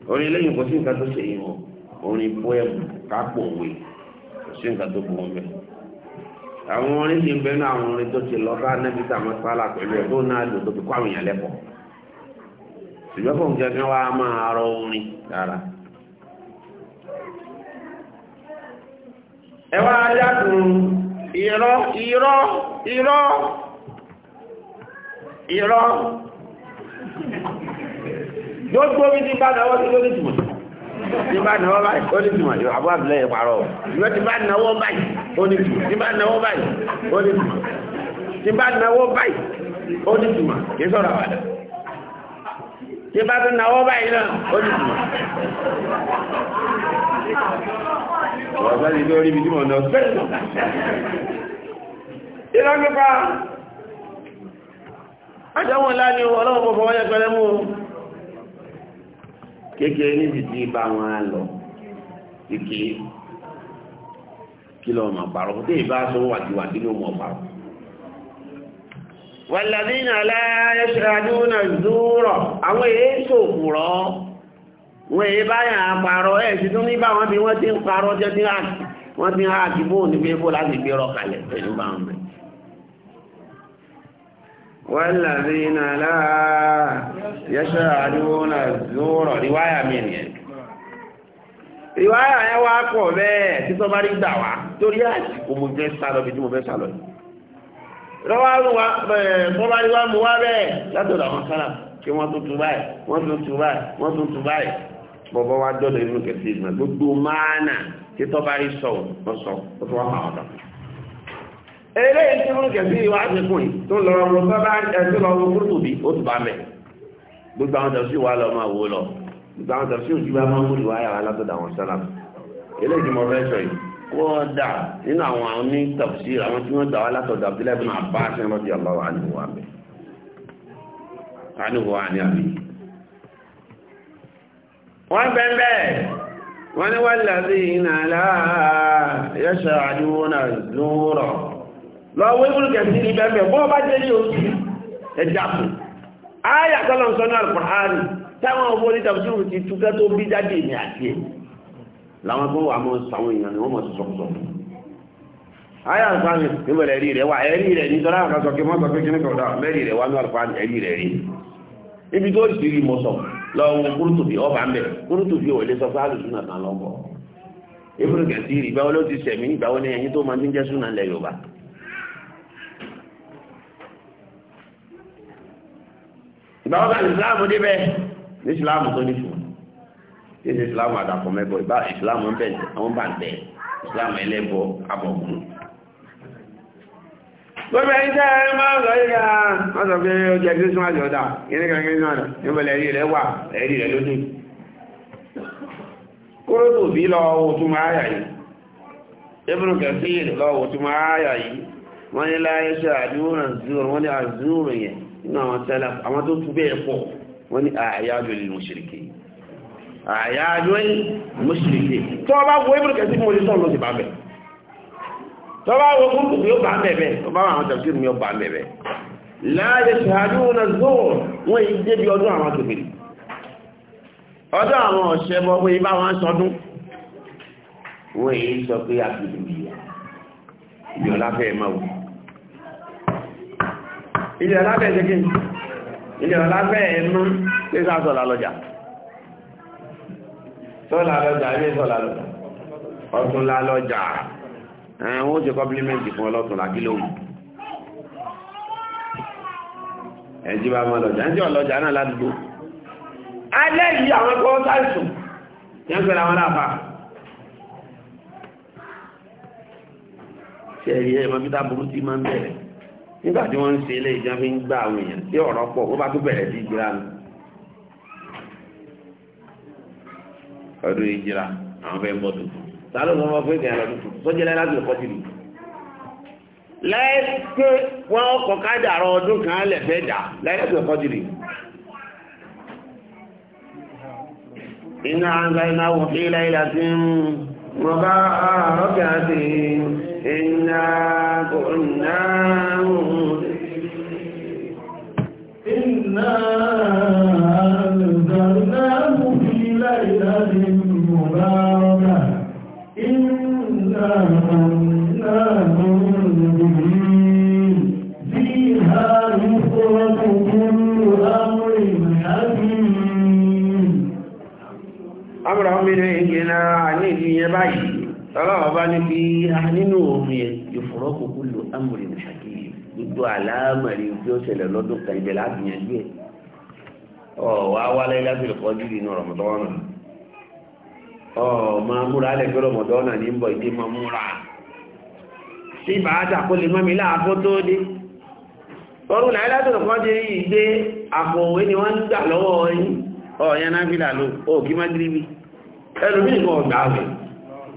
orin lẹ́yìn kò sí nǹkan tó ṣe yìí wọn orin poem kápò òwe kò sí nǹkan tó bu wọn bẹ́ẹ̀. àwọn orin ti bẹnu àwọn orin tó ti lọ bá nẹ́bí sàmọ́ sálà pẹ̀lú ẹ̀ tó náà lò tó fi kó àwọn èèyàn lẹ́kọ̀ọ́ ṣùgbọ́n fún máa rọ orin rárá. ẹ wá dákun irọ́ irọ́ irọ́ irọ́ gbogbo mi ti bá náwó sí lórí tìmọ̀ tí bá náwó báyìí lórí tìmọ̀ ìwé ó ní tùmọ̀ tí bá náwó báyìí ó ní tùmọ̀ tí bá náwó báyìí ó ní tùmọ̀ kì í sọ̀rọ̀ àwàdà tí bá tún náwó báyìí náà ó ní tùmọ̀ wọ́n sáré lórí ibi tí mo náà sẹ́yìn ìlọ́ nípa àjọwọ̀n láni ọlọ́wọ́ pọ̀pọ̀ wáyé pẹ̀lẹ́ mú kékeré níbi tí bá wọn lọ kékeré kí lọ́wọ́ máa parọ́ kó téè bá sọ wàdíwàdí ló mọ̀ parọ́. wàlàdínà aláyé ṣàdúnà zúrọ̀ àwọn èyí ṣòkùrọ̀ wọn èyí báyà parọ́ ẹ̀ sì tún ní báwọn bí wọ́n ti ń parọ́ jẹ́ tí wọ́n ti ń háàkì bóun ní pé bó láti gbé rọ kalẹ̀ pẹ̀lú báwọn bẹ̀. wàlàdínà aláyé ṣàdúnà zúrọ̀ ríwáyà mi nìyẹn ìwáyà yẹn wá pọ̀ bẹ́ẹ̀ tí tó bá rí gbà wá torí àsìkò mo fẹ́ sá lọ bí tí mo fẹ́ sá lọ yìí lọ́wọ́ àwọn wa tó bá rí wá mú wá bẹ́ẹ̀ látọ̀dọ̀ àwọn sára kí wọ́n tún tún báyìí wọ́n tún tún báyìí wọ́n tún tún báyìí bọ̀bọ̀ wá dọ́dọ̀ inú kẹsì ìgbà gbogbo máàna tí tó bá rí sọ wọ́n sọ ó tún wá pa ọ̀dọ̀ eré tí inú kẹsì ìwà àṣekùn tó lọ ọmọ ìgbà àwọn tàbí òjú bá máa ń múlò wáyà alátọ́dà àwọn sálàmù eléyìí mo fẹ́ sọ yìí kódà nínú àwọn oní tàbí àwọn tí wọ́n gbà wá látọ̀dà abdullah bin abbas rọ́bì aláwọ̀ àníwọ̀ àmì àníwọ̀ àní àmì wọ́n bẹ́ẹ̀ bẹ́ẹ̀ wọ́n ní wọ́n làbí iná aláyẹ̀ṣẹ̀ àdúgbò náà lóòrọ̀ lọ́wọ́ ibùdó kẹsì ní bẹ́ẹ̀ bẹ́ẹ̀ bọ́ bá jẹ́ ní oṣù ẹ̀dàkùn ayàtọ́lọ́sọ́nà alkùnrin táwọn ọmọ onítàbùsùn ti túká tó bí jáde ní àti ẹ̀ làwọn tó wà mọ́ sàwọn èèyàn ni wọ́n mọ̀ sí sọ̀kọ̀sọ̀ ayé àǹfààní níbẹ̀rẹ̀ rí rẹ̀ wá ẹ̀rí rẹ̀ ní tọ́lá àkàsọ kí wọ́n sọ pé kíní kọ̀ọ̀dá mẹ́rí rẹ̀ wá ní àlùfáàní ẹ̀rí rẹ̀ rí ibi tó sì rí mọ̀ sọ lọ́wọ́ kúrútùbí ọba ń bẹ̀ kúrútùbí ò lè sọ fún àlùsùn náà tán lọ́kọ̀ọ́ ebúrú kẹsì rí ìgbà wọlé ó ti sẹ̀mí ìgbà wọlé ẹ̀yìn tó máa ń jẹ́ súnà ilẹ̀ yorùbá ìgbà ní ìsìláàmù tó ní fún ní Islam àdàpọ̀ mẹ́bọ̀ ìbá ìsìláàmù ń bẹ̀ẹ̀ àwọn bá ń bẹ̀ ìsìláàmù ẹlẹ́bọ abọ̀gùn gbogbo ẹni tẹ́ ẹ máa ń sọ yìí ká wọ́n sọ pé ó jẹ́ kírísímàsì ọ̀dà yìí kan kírísímàsì ní bẹ̀rẹ̀ ẹ̀rí rẹ̀ wà ẹ̀rí rẹ̀ lójú kúrò tó bí lọ owó tó máa yà yìí ibùdó kẹfíìn lọ owó tó máa yà yìí wọ́n ní láyé ṣe àdúrà zúrò wọ́n ní àzúrò yẹn nínú àwọn tẹ́lẹ̀ àwọn tó tún bẹ́ẹ̀ pọ̀ wọ́n ní àyájọ́ ilé mùsùlùkì àyájọ́ ilé mùsùlùkì tó bá wo ibùdó kẹsí mú olè sọ́ọ̀lọ́ sí bá bẹ̀ tó bá wo kúrú kúrú yóò bá bẹ̀ bẹ̀ tó bá àwọn tafsir mi yóò bá bẹ̀ bẹ̀ láàyè sàájú na zoro wọ́n yìí débi ọdún àwọn kèfèrè ọdún àwọn ọ̀ṣẹ́ bọ́ pé ibà wọn sọdún wọ́n yìí sọ pé àfihàn ìyá ìyọ̀lá fẹ́ máa wù ilẹ̀ alábẹ̀ẹ́sẹ̀kẹ́ ilé ọ̀la fẹ́ ẹnu pé sá sọ̀lá lọ́jà sọ̀lá lọ́jà ilé sọ̀lá lọ́jà ọ̀tún la lọ́jà ẹ̀hún ó ṣe kọ́pílímẹ́ǹtì fún ọlọ́tún la kí lóhùn ẹ̀jí bá máa lọ́jà ẹ̀jí ọ̀lọ́jà náà ládùúgbò alẹ́ yìí àwọn tó ń sáìsùn tí wọ́n pẹ̀lú àwọn ṣe ẹ̀rí ẹ̀mọ́ bí tá burú tí máa ń bẹ̀rẹ̀ nígbà tí wọ́n ń ṣe ilé ìjọ ń gba àwọn èèyàn tí ọ̀rọ̀ pọ̀ wọ́n bá tó bẹ̀rẹ̀ sí ìjìlá mi ọdún ìjìlá àwọn fẹ́ bọ́ tuntun ta ló mọ́ fún tuntun láyé láti lọ́kọ́ tìlú lẹ́ẹ̀kẹ́ wọ́n kọ̀ kádàrọ ọdún kan lẹ̀ fẹ́ dà láyé láti lọ́kọ́ tìlú iná àgbà iná wọ̀ ń rọ̀ bá àti إنا كنا إنا أنزلناه في ليلة مباركة إنا كنا مدرسين فيها يفرق كل أمر حكيم أمر من إنجنا عن إذن بيت ọlọ́wọ́ bá ní bí nínú omi ìfọ̀rọ̀ kúkú lò amúrí nìṣàkí gbogbo àlámàrí bí ó ṣẹlẹ̀ lọ́dún kan ibẹ̀ láti yẹn gbé ọ wá wálé lábìlì kọjú nínú rọmọdọ́nà ọ máa múra alẹ́ pé rọmọdọ́nà ní bọ̀ ìdí máa múra sí bàátà kó lè mọ́mi láàbó tó dé ọrùn láyé láti rọ̀kọ́ ìgbé àpòwé ni wọ́n ń gbà lọ́wọ́ yín ọ̀yẹn náà fi là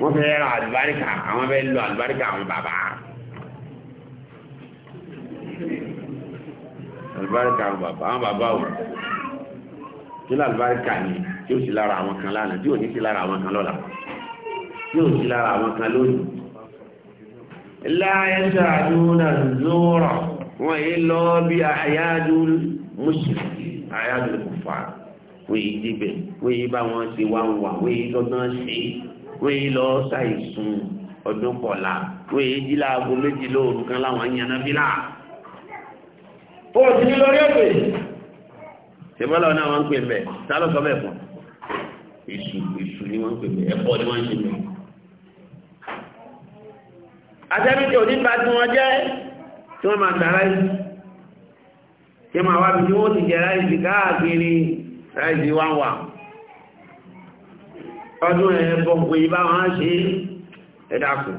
wọ́n fẹ́ ra àlùbáríkà àwọn fẹ́ lọ àlùbáríkà àwọn bàbá àlùbáríkà àwọn bàbá àwọn bàbá ò kí ló àlùbáríkà ni tí ó sì lára àwọn kan lánàá tí ò ní sí lára àwọn kan lọ́la tí ò sí lára àwọn kan lónìí. láyé sàdúnà zóòrọ̀ wọ́n yé lọ bí àyájúl mùsùlùmí àyájúl kùfà wọ́n yé débẹ̀ wọ́n yé bá wọn ṣe wá wà wọ́n yé dọ́gbọ́n ṣe é wéé lọ ṣàìsùn ọdún kọ̀la wéé jí láago méjì lóòrùn kan láwọn àyànná fílà. ó ti ní lórí èpè. ṣèbọ́lá náà wọ́n ń pè bẹ́ẹ̀ tá ló sọ bẹ́ẹ̀ fún èṣù èṣù ni wọ́n ń pè bẹ́ẹ̀ ẹ̀kọ́ ni wọ́n ń ṣe bẹ́ẹ̀. àtẹ́bíkì onígbà tí wọ́n jẹ́ tí wọ́n máa gbà láì ṣe máa wá bí wọ́n ti jẹ láì sí káàkiri láì sí wá wà ọdún ẹ̀bọ̀ pé ibá wọn ṣe ẹ̀dàkù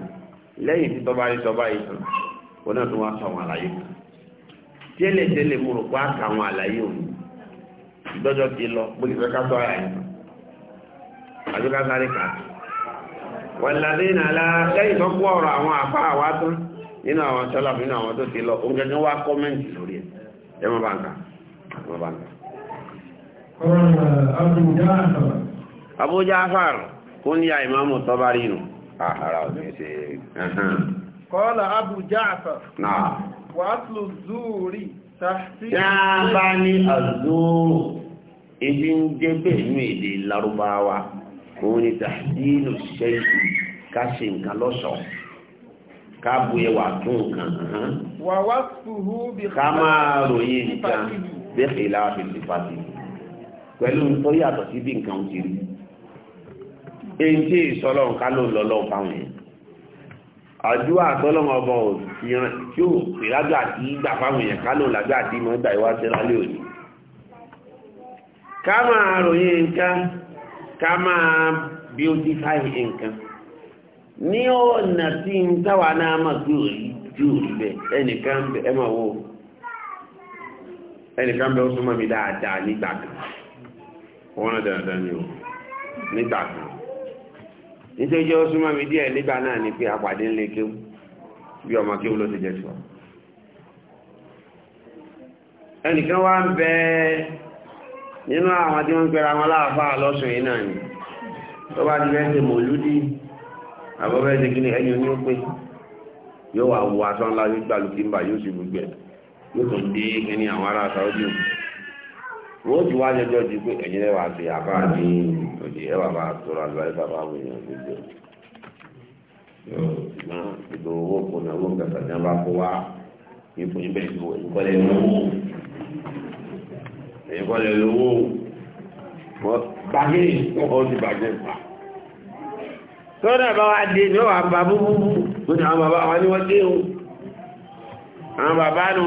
lẹ́yìn tí tọba ìṣọba ìtàn kò náà tó wá sọ àwọn àlàyé kan tẹ́lẹ̀ tẹ́lẹ̀ mo rò pé àkà àwọn àlàyé òun ìdọ́jọ́ ti lọ pé ìfẹ́ ká sọ ara ìtàn àti ká sáré kà wọ́n ládé nàlá lẹ́yìn tó kú ọ̀rọ̀ àwọn àfa àwa tán nínú àwọn sọ́lá nínú àwọn tó ti lọ òun gẹ́gẹ́ wá kọ́mẹ́ǹtì lórí ẹ̀ ẹ̀ bá ń kà ọ̀rọ̀ àbùdá àtàwọn Abu Ja'far kúníyà ìmáàmù Tabari nù àhàrà ah, òní ṣe kọ́lá Abu Ja'far na wà átlù zúúrí tàbí bá ní àzúúrù ibi ń jẹ́ bẹ̀ẹ̀nú èdè Lárúbáwá òun ni tàbílù ṣẹ́yìn ká ṣe nǹkan lọ́ṣọ̀ọ́ ká bu ẹwà tún nǹkan wà wá fùhú bí ká máa ròyìn nǹkan bí kìlá fi ti pàtì pẹ̀lú nítorí àtọ̀ nǹkan ti rí èyí ìsọlọ́run ká lọ́lọ́run fáwọn èèyàn àdúrà tọ́lọ́mọ ọba ò tí ó pè lájọ́ àti ìgbà fáwọn èèyàn ká ló àti ìmọ̀ ìgbà ìwáṣẹ́ lálẹ́ òní ká máa ròyìn nǹkan ká máa beautify nǹkan ní ọ̀nà tí ń táwa náà mọ̀ sí tí ò rí bẹ́ẹ̀ ẹnìkan bẹ ẹ máa wò ẹnìkan bẹ nítorí jẹ́ ó súnmọ́ mi díẹ̀ nígbà náà ni pé àpàdé ńlẹ̀ kéwú bí ọmọ kéwú ló ti jẹ́ sọ ẹnìkan wá ń bẹ nínú àwọn tí wọ́n lọ́sùn yìí náà ni tó bá ti bẹ́ẹ̀ ṣe mòlúdì àbọ̀bẹ́ kí ni ẹni wọ́n ti wá jọjọ́ di pé ẹ̀yin lẹ́wà àti àbá ní òdì ẹ̀wà bá tọrọ àlọ́ ẹ̀fà bá wù yàn gbogbo ṣùgbọ́n ìgbò owó kò náà owó kẹta ní abá kó wá ipò níbẹ̀ ìgbò ìkọlẹ̀ lówó ìkọlẹ̀ lówó bàgé ọkọ̀ ti bàgé pa tọ́dà bá wá dé ní ọ̀wà bàbá búbú tó ní àwọn bàbá wa ní wọ́n dé o àwọn bàbá nù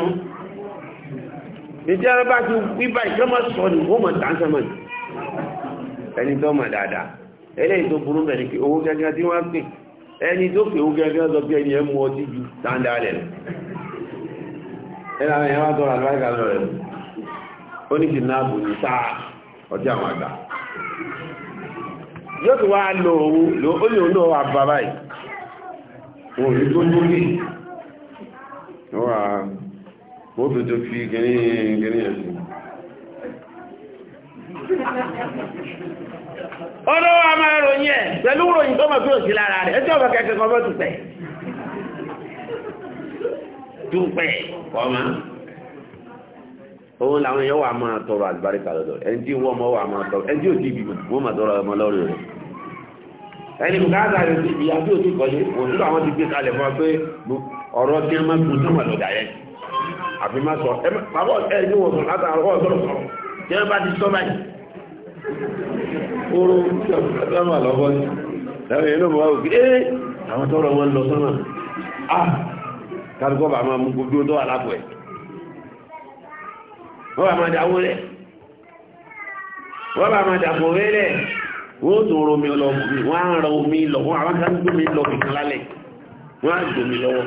ìdí ara bá ti wíbá ìjọmọ̀ sọ ní wọ́n mọ̀ dáńsọ́mọ̀ ẹni tó mọ̀ dáadáa eléyìí tó burú bẹ̀rẹ̀ kí owó gẹ́gẹ́ tí wọ́n pè ẹni tó pè owó gẹ́gẹ́ sọ pé ẹni ẹmú ọtí ju dáadáa rẹ̀ ẹni àwọn èèyàn wá tọrọ àlùbáríkà lọ rẹ̀ ó ní kìnnàbù ní sáà ọjọ́ àwọn àgbà yóò tó wá lo òun ó ní òun náà wà bàbá yìí ó tó tó fi kìíní kìíní ẹ̀sìn ọdọ́ wa máa ròyìn ẹ̀ pẹ̀lú ròyìn tó mọ̀ pé òsì lára rẹ̀ ẹjọ́ ọ̀bẹ̀ kẹ́kẹ́ kọ́ mọ́ tùpẹ̀ dúpẹ́ ọmọ òun làwọn èèyàn wà máa tọrọ àlùbáríkà lọ́dọ̀ ẹni tí wọ́n mọ́ wà máa tọrọ ẹni tí ò tí bí wọ́n máa tọrọ ọmọ lọ́rọ̀ rẹ̀ ẹni bùkátà rẹ̀ sí ìyá tí ò tí kọ́lé òun tí àwọn ti gbé kalẹ̀ fún wa pé ọ̀rọ̀ tí wọ́n máa kú sọ́mọ̀ lọ́dà yẹn àfi má sọ ẹ pàbọ ẹ ní wọn sọ láti àrùkọ sọ̀rọ̀ sọ̀rọ̀ tí wọn bá ti sọ báyìí. oró sọmọ lọ́wọ́ ni lẹ́yìn inú mi wá òkè é àwọn tọrọ wọn lọ sọmọ a ah, kárùkọ bá máa mú gbogbo tó wà lápò ẹ wọn bá máa dà wọlé wọn bá máa dà bò wẹlẹ wọ́n tún rọ omi lọ wọ́n á rọ omi lọ wọ́n àwọn kan gbómi lọ kìkan lálẹ́ wọ́n á gbómi lọ́wọ́.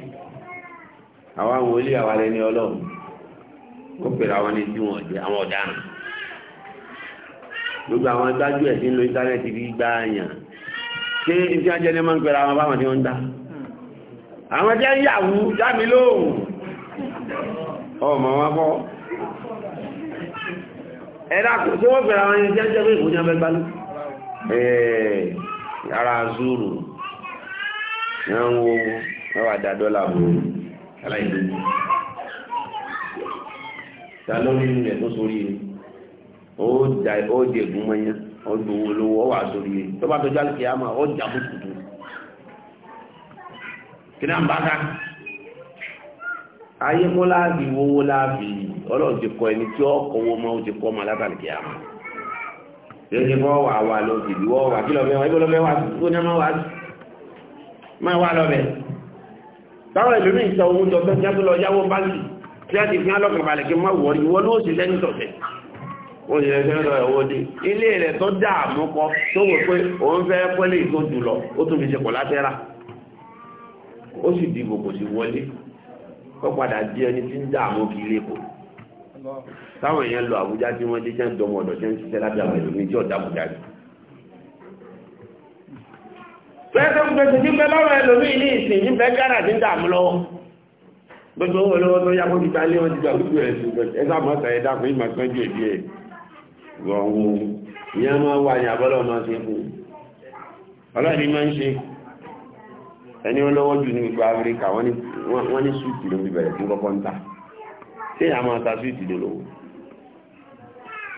àwọn àwọn olè àwọn alẹ́ ní ọlọ́run ó pèrè àwọn ní tí wọ́n jẹ́ àwọn ọ̀daràn gbogbo àwọn agbájú ẹ̀ tí ń lo íńtánẹ́ẹ̀tì bí gbá àyàn ṣé ibi ajẹ́ ní máa ń pèrè àwọn báwọn tí wọ́n ń dá àwọn jẹ́ yàwú jámi lóhùn ọmọ wọn kọ́ ẹ̀dá kò tí wọ́n pèrè àwọn ẹni jẹ́ jẹ́ pé ìkúnyà bẹ́ gbalú ẹ̀ẹ́ ara zuru ẹ̀rùn owó ẹwà dá dọ́là bòrò aláìlú ta ló nínú rẹ̀ tó sórí rẹ̀ ó da ó jẹ ègún mọ́yán ó gbowó lówó ó wà sórí rẹ̀ tó bá tọ́jú àlùkè àmọ́ ó jà bó tutù kí náà ń bá ká ayé kó láàbì wowó láàbì ọlọ́run ti kọ ẹni tí ó kọwọ́ mọ́ ó ti kọ́ ọmọ látàlùkè àmọ́ yẹ́nì kọ́ wà wà lọ́sibí wọ́ wà kí lọ́bẹ̀ wà ibi lọ́bẹ̀ wà tó ní ọmọ wà má wà lọ́bẹ̀ táwọn ìlú ní ìsọ owó jọfẹ́ tí a tó lọ yáwó báńkì tí a ti fi alọ́kàn balẹ̀ kí máa wọ̀rí wọ́n ló sì lẹ́ni tọ̀tẹ̀ ó sì lẹ́ni tọ̀tẹ̀ ọwọ́ dé ilé rẹ̀ tó dààmú kọ tó wò pé òun fẹ́ pẹ́lẹ́ tó jù lọ ó tún fi ṣe pọ̀ látẹ́ra ó sì dìbò kò sì wọlé kó padà di ẹni tí ń dààmú kí ilé kò táwọn èèyàn lọ Àbújá tí wọ́n dé jẹ́ ń dọmọ ń ṣiṣẹ́ lábẹ́ àwọn ìlú ní tí ọ̀dà Àbújá yìí Fẹ́ẹ́fẹ́ gbèsè tí bẹ lọ́rọ̀ ẹlòmí ní ìsìn ní bẹ gánà tí ń dààmú lọ́wọ́. Gbogbo owó lọ́wọ́ tó yá kóbi ta lé wọn ti gbà gbogbo ẹ̀ sí gbèsè. Ẹ sábà sàyẹ dákun ìmọ̀ kan jù èdè ẹ̀. Gbọ̀ngùn ìyá máa wà ní abọ́lọ́ máa ṣe fún. Ọlọ́ọ̀ni máa ń ṣe. Ẹni olówó jù ní gbogbo Áfíríkà wọ́n ní súùtì ló fi bẹ̀rẹ̀ fún kọ́kọ́ ń ta. Ṣé ìyá máa ta súùtì lólówó?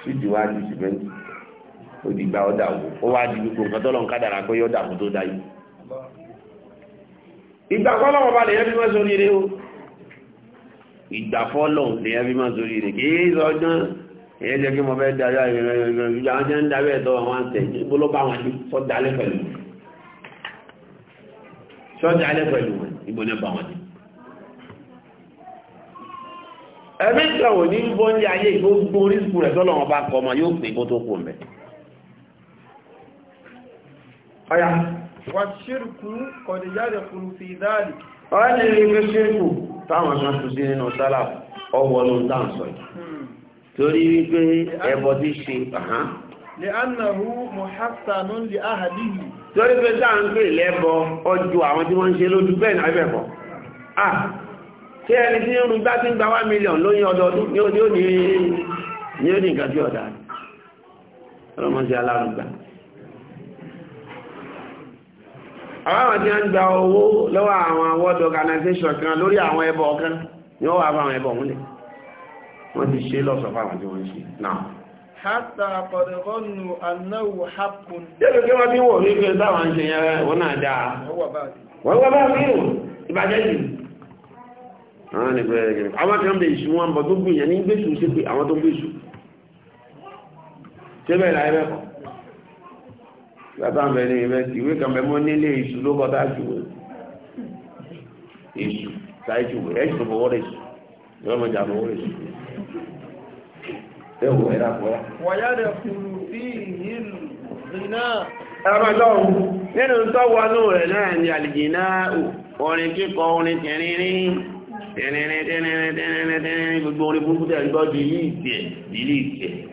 Súùtì wá ju sìmẹ́ntì òdìgbà ọ̀dà wò ó wá di gbogbo nǹkan tọ́lọ̀ ń kádàrà pé yọ́dà kó tó dáyé ìgbàfọ́lọ́wọ́ bá lè yẹ́ bí máa sórí rẹ̀ o ìgbàfọ́lọ́ lè yẹ́ bí máa sórí rẹ̀ kí é sọ ọjọ́ èyẹ́ jẹ́ kí mo fẹ́ darí àwọn jẹ́ ń darí ẹ̀tọ́ àwọn àtẹ̀ ìbóló bá wọn sọ́dà alẹ́ pẹ̀lú sọ́dà alẹ́ pẹ̀lú wọn ìbò ní bá wọn ni ẹ̀mí ìjọ wò ní bó ń yá ayé ìgbó gbórí sùkúrẹ̀ tọ́lọ́wọ́n bá kọ́ ọmọ yóò pè kó tó kù mẹ́ ọ̀yá wàṣírkù kọ̀dìyàrẹ̀ kùrù fi dáàlì ọ̀rẹ́ ní ilé ṣírkù táwọn kan tún sí nínú sálà ọwọ́ ló ń dáhùn sọ yìí hmm. torí wípé ẹbọ ti ṣe lè ánàrú mọ̀hásánú lè áhàdìyì torí pé dáa ń pè lẹ́bọ ọjọ́ àwọn tí wọ́n ń ṣe lójú ah ṣé ẹni tí ń rúgbá tí ni odi ní nǹkan àwọn tí wọ́n gba owó lọ́wọ́ àwọn world organization kan lórí àwọn ẹbọ kan ni wọ́n wà fáwọn ẹbọ múlẹ̀ wọ́n ti ṣe lọ́sọ̀ fáwọn tí wọ́n ṣe náà hátà àpọ̀dẹ̀gọ́nù anáwò hapun jẹ́rù kí wọ́n tí wọ́n ní pé táwọn ṣe yẹn wọ́n náà dáa wọ́n wọ́n bá rí ìbàjẹ́ jù àwọn ní pé àwọn kan bè ṣù bọ̀ tó gbìyàn ní gbèsù sí pé àwọn tó gbèsù ṣé bẹ́ẹ̀ láyé bẹ́ẹ̀ kọ́ sátán bẹ ní yunifásitì ìwé kan bẹ mọ nílé èṣù ló kọ táà jùwé èṣù táà jùwé èṣù tó fọwọ́ rẹ̀ èṣù yọ ọmọ ìjà fọwọ́ rẹ̀ èṣù ẹ wò ẹ dàpọ̀ ya. wàyà rẹ̀ kùrù bí ìyìnlù ìná. ẹ̀rọ lọ́wọ́ nínú tọ́wọ́nù rẹ̀ náà ni àlìjìnà orin kíkọ orin tìrìnrìn tìrìnrìn tìrìnrìn tìrìnrìn gbogbo orin burúkú tẹ̀ ń gbọ́ di ilé ìtẹ̀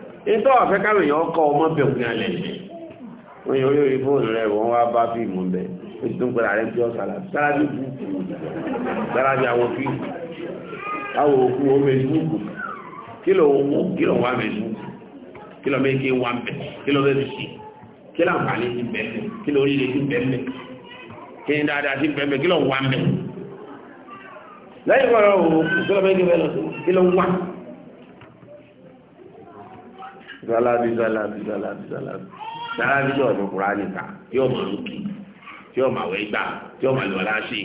ìtọ́ àfẹ́ káwọn èèyàn kọ́ ọmọ bẹ̀rùn alẹ́ wọ́n yóò yóò fóònù rẹ̀ wọ́n wá bá fíìmù bẹ̀ ó ti tún pẹ̀lú ààrẹ tí ó sàlàbí sàlàbí búùkù sàlàbí àwọn fíìmù àwọn òkú ó fẹ́sibúùkù kí ló wọ́n kí ló wà fẹ́sibúùkù kí ló mẹ́kí wà bẹ̀ kí ló fẹ́sì sí kí ló àǹfààní ti bẹ̀ mẹ́ kí ló oríire ti bẹ̀ mẹ́ kí ni dáadáa ti bẹ̀ mẹ́ kí ló wà mẹ́ lẹ́yìn kọ́ sálábí sálábí sálábí sálábí sálábí tó ọmọ kùránì ká tí ó máa lókì tí ó máa wẹ̀ gbà tí ó máa lọ láṣẹ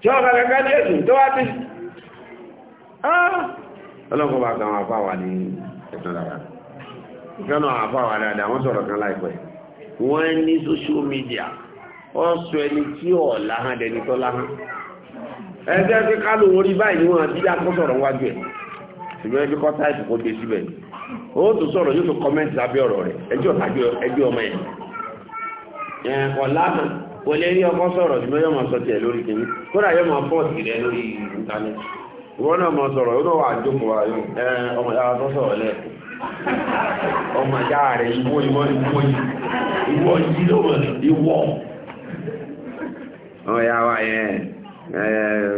tí ó máa kankan ní èsì tó wá ti ọlọ́kọ̀ bá kan àfa wà ní ẹ̀tọ́ dára ìkànnà àfa wà dáadáa wọ́n sọ̀rọ̀ kan láìpẹ́ wọ́n ní social media wọ́n sọ ẹni tí ọ̀ láhán dẹni tó láhán ẹgbẹ́ pé kálù orí báyìí wọn àbí dákọ́ sọ̀rọ̀ wájú ẹ̀ ṣùgbọ́n ẹbí kọ́ táìpù kó gbé síbẹ̀ ni ó tún sọ̀rọ̀ yóò tún kọ́mẹ́ntì lábẹ́ ọ̀rọ̀ rẹ̀ ẹjọ́ ẹjọ́ ọmọ ẹ̀ ẹ̀kọ́ lánà kò lè rí ọkọ sọ̀rọ̀ ṣùgbọ́n yóò máa sọ tiẹ̀ lórí kìíní kódà yóò máa pọ́ọ̀tì rẹ̀ lórí íńtánẹ́ẹ̀tì ìwọ náà máa sọ̀rọ̀ yóò wà jókòó wa yóò ẹ ọmọ ìyá tó sọ̀rọ̀ lẹ̀ ọmọ ìyá rẹ̀ ìwọ ìwọ ìwọ ìwọ yìí ló wọ̀ ìwọ. ọmọ ìyá wa yẹn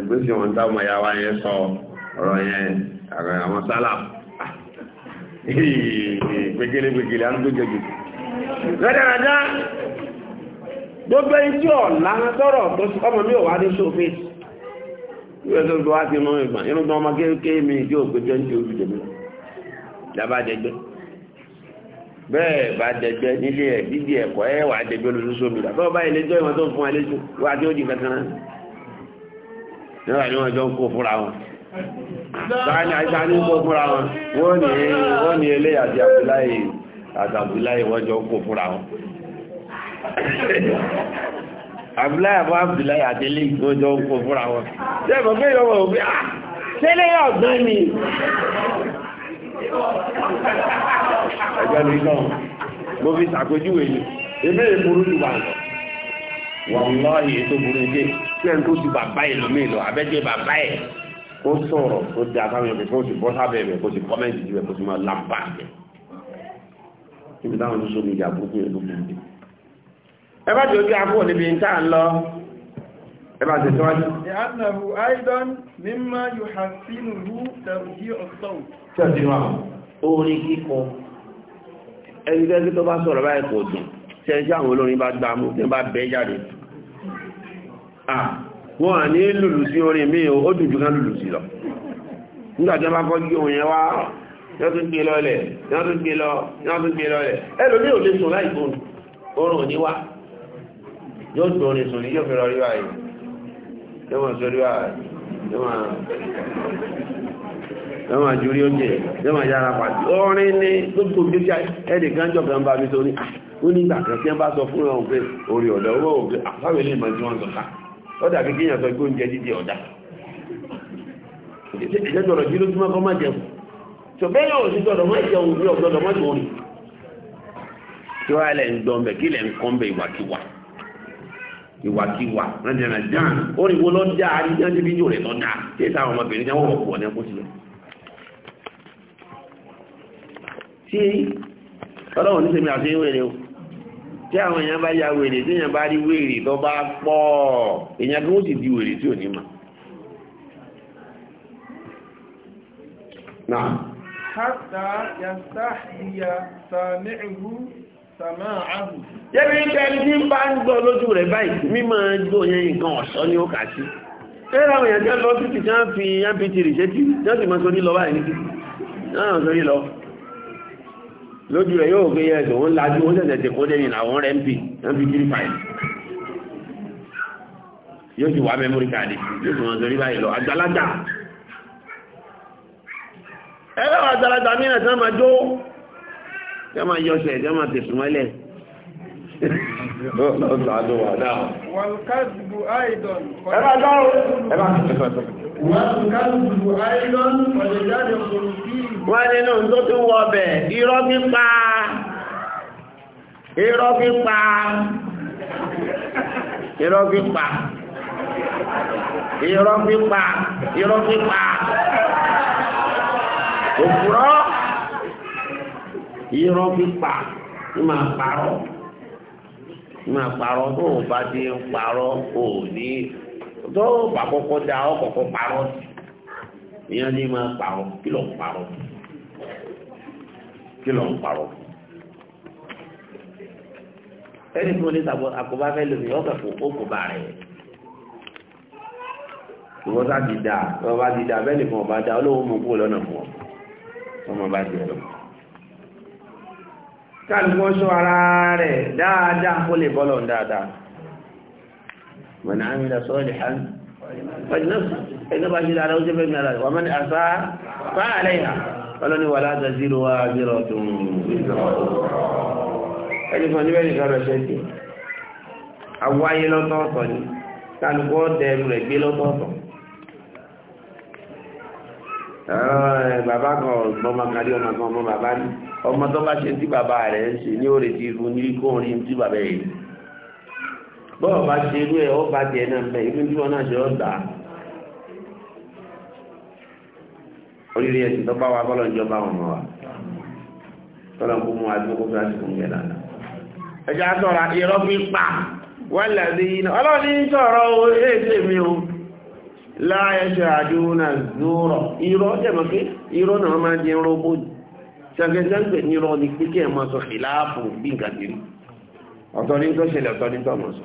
gbèsè wọn tá ọmọ ìyá wa yẹn sọ ọ̀rọ̀ yẹn gbegele gbegele a ń gbé gbegele gbogbo ẹjí ọ̀la sọ́rọ̀ tó sí ọmọ mi ò wá ní sófin ìwé tó wá sí inú ìgbà inú tó ọmọ kéékèé mi tí ò gbé twenty ojú jẹ̀mí lábá bẹ́ẹ̀ bá nílé ẹ̀ dídí ẹ̀kọ́ ẹ̀ wà rà ìwọ̀n tó fún wa lẹ́jọ́ wá ó di kankan náà jọ ń kó fúnra wọn. sáàni àìsà ní kó fúnra wọn wọ́n ní wọ́n ní ilé àti àbúláì àtàbúláì wọ́n jọ kó fúnra wọn àbúláì àbọ̀ àbúláì àti ilé wọ́n jọ kó fúnra wọn sẹ́fọ̀ pé ìyọ́wọ̀ òbí à sílé ah, ọ̀gbọ́n ni ẹgbẹ́ ló ń lọ mo fi ṣàpèjúwe ni ebí èkúrú ti wà lọ wọ́n lọ́ọ̀yì ètò burúkú pé ẹni tó ti bàbá ẹ̀ lómi lọ abẹ́jẹ́ bàbá ẹ̀ kó sọ̀rọ̀ tó da sáwọn ẹ̀mẹ̀ kó sì bọ́ sábẹ́ ẹ̀mẹ̀ kó sì kọ́mẹ́ntì síbẹ̀ kó sì máa lámbà ẹ̀mẹ̀ níbi táwọn oníṣòwò ní ìjà burúkú yẹn ló burú. ẹ bá ti ojú akúrò níbi ń tà ń lọ ẹ bá ti tọ́jú. ìhànàhù aidan mímá yóò hà sínú rú tẹ̀rùjí ọ̀sán. tẹ̀sí wọ́n à ní lùlù sí orin mi ó dùn jù ká lùlù sí lọ nígbàtí wọ́n bá kọ́ gí òun yẹn wá yọ́n tún gbé lọ́lẹ̀ yọ́n tún gbé lọ yọ́n tún gbé lọ́lẹ̀ ẹlòmí ò lè sùn láì gbóhùn oorun ò ní wá yóò tún orin sùn ní yóò fi rọrí wáyé yóò máa sọrí wáyé yóò máa jùrí oúnjẹ yóò máa yára pàtó orin ní gbogbo bí ó ẹ̀dì kan jọ kan bá mi sọ ní ah, ó nígbà kan tí wọ́n bá sọ fún ọ̀hún pé orí ọ̀dọ́ owó òkè àfáwẹ́lẹ́ ìmọ̀ tí wọ́n sọ káà lọ́dà bí kíyàn sọ pé oúnjẹ jíjẹ ọ̀dà ìjẹ́ tọ̀rọ̀ jí ló túnmọ́ kọ́ má jẹun tó bẹ́ẹ̀ yóò sí tọ̀rọ̀ má jẹun bí ọ̀gbọ́dọ̀ má jẹun rí kí wàá lẹ̀ ń dán bẹ̀ kí lẹ̀ ń kọ́ bẹ̀ ìwàkiwà ìwàkiwà rẹ̀dẹ̀nà dán orin wo lọ dá ní jáde bí yóò rẹ̀ lọ dá tí èsà àwọn ọmọbìnrin jẹ́ wọ́n pọ̀ ní ẹkú sílẹ̀ tí ọlọ́run ní sẹ́mi àti ìwé rẹ̀ o tí àwọn èèyàn bá ya wèrè tí èèyàn bá rí wèrè tó bá pọ̀ èèyàn kí wọ́n sì di wèrè tí ò ní mà. náà. hátà yàtà ìyá sàmìhù sàmáàhù. jẹ́bi ìtẹ́ni tí ń bá ń gbọ́ lójú rẹ̀ báyìí mímọ́ gbọ́ yẹn nǹkan ọ̀ṣọ́ ni ó kà sí. ṣé àwọn èèyàn kan lọ títí tí wọ́n fi amptiri ṣe tí wọ́n sì mọ sórí lọ lójú rẹ̀ yóò gbé ẹ̀sùn òun lájú ó sẹ̀sẹ̀ tí kó dẹ́yìn àwọn rẹ̀ ń bì ń fi kiri fàì yóò sì wá mẹ́mórí káàdì yóò sì wọ́n sọ rí báyìí lọ àgbàlagbà ẹgbẹ́ wọn àgbàlagbà mìíràn tí wọ́n máa jó tí wọ́n máa yọṣẹ̀ tí wọ́n wọ́n nínú tó tún wọ bẹ̀ irọ́ pípa irọ́ pípa irọ́ pípa irọ́ pípa irọ́ pípa òpùrọ́ irọ́ pípa ní máa parọ́ ní máa parọ́ tó o bá ti ń parọ́ òní tó bá kọ́kọ́ da ọ kọ́kọ́ parọ́ èèyàn ní máa parọ́ kí ló ń parọ́ kí ló ń parọ́ ẹni tí mo ní sàbọ àkóbá fẹ́ lómi ọkọ̀ kò kókò bá rẹ̀ ìwọ́n sá ti dà wọ́n bá ti dà bẹ́ẹ̀ nìkan ọba dà olówó mú kúrò lọ́nà fún ọ ọmọ bá ti lọ. kálukọ́ sọ ara rẹ̀ dáadáa kó lè bọ́ lọ́n dáadáa. من عمل صالحا فلنفسه إن باشي على وجه من الله ومن أساء فعليها ولن ولا تزير واجرة وزر ẹnìkan níbẹ̀ nìkan rẹ̀ ṣẹ́kì àwọ̀ ayé lọ́tọ̀ọ̀tọ̀ ni kálukọ́ tẹ̀rù rẹ̀ gbé lọ́tọ̀ọ̀tọ̀ bàbá kan ọmọ kárí ọmọ kan ọmọ bàbá ní ọmọ tó bá ṣe tí bàbá rẹ̀ ń ṣe ní ó retí irú ní kó rí tí bàbá yìí bọ́ọ̀ bá ṣe irú ẹ̀ ọ́ bá tiẹ̀ náà bẹ́ẹ̀ irú tí wọ́n náà ṣe ọ́ dà oríire ẹ̀sìn tó bá wa bọ́lọ̀ ń jọba wọn wa tọ́lọ̀ ń kó mú adúgbò kó fẹ́ àsìkò gẹ̀ dáadáa ẹ̀jẹ̀ á irọ́ fi pa wọ́n lẹ́dí iná ọlọ́ni ń sọ̀rọ̀ èdè mi o láyé ṣe àdúrà zúrọ̀ irọ́ jẹ́mọ̀ pé irọ́ náà máa jẹ́ rọ́bọ̀ ṣàgẹ́sẹ́gbẹ̀ ní irọ́ ni pé kí ẹ̀ máa sọ ìlàáfù bí nǹkan ti rí ọ̀tọ̀ ní tó ṣẹlẹ̀ ọ̀tọ̀ ní tó mọ̀ sọ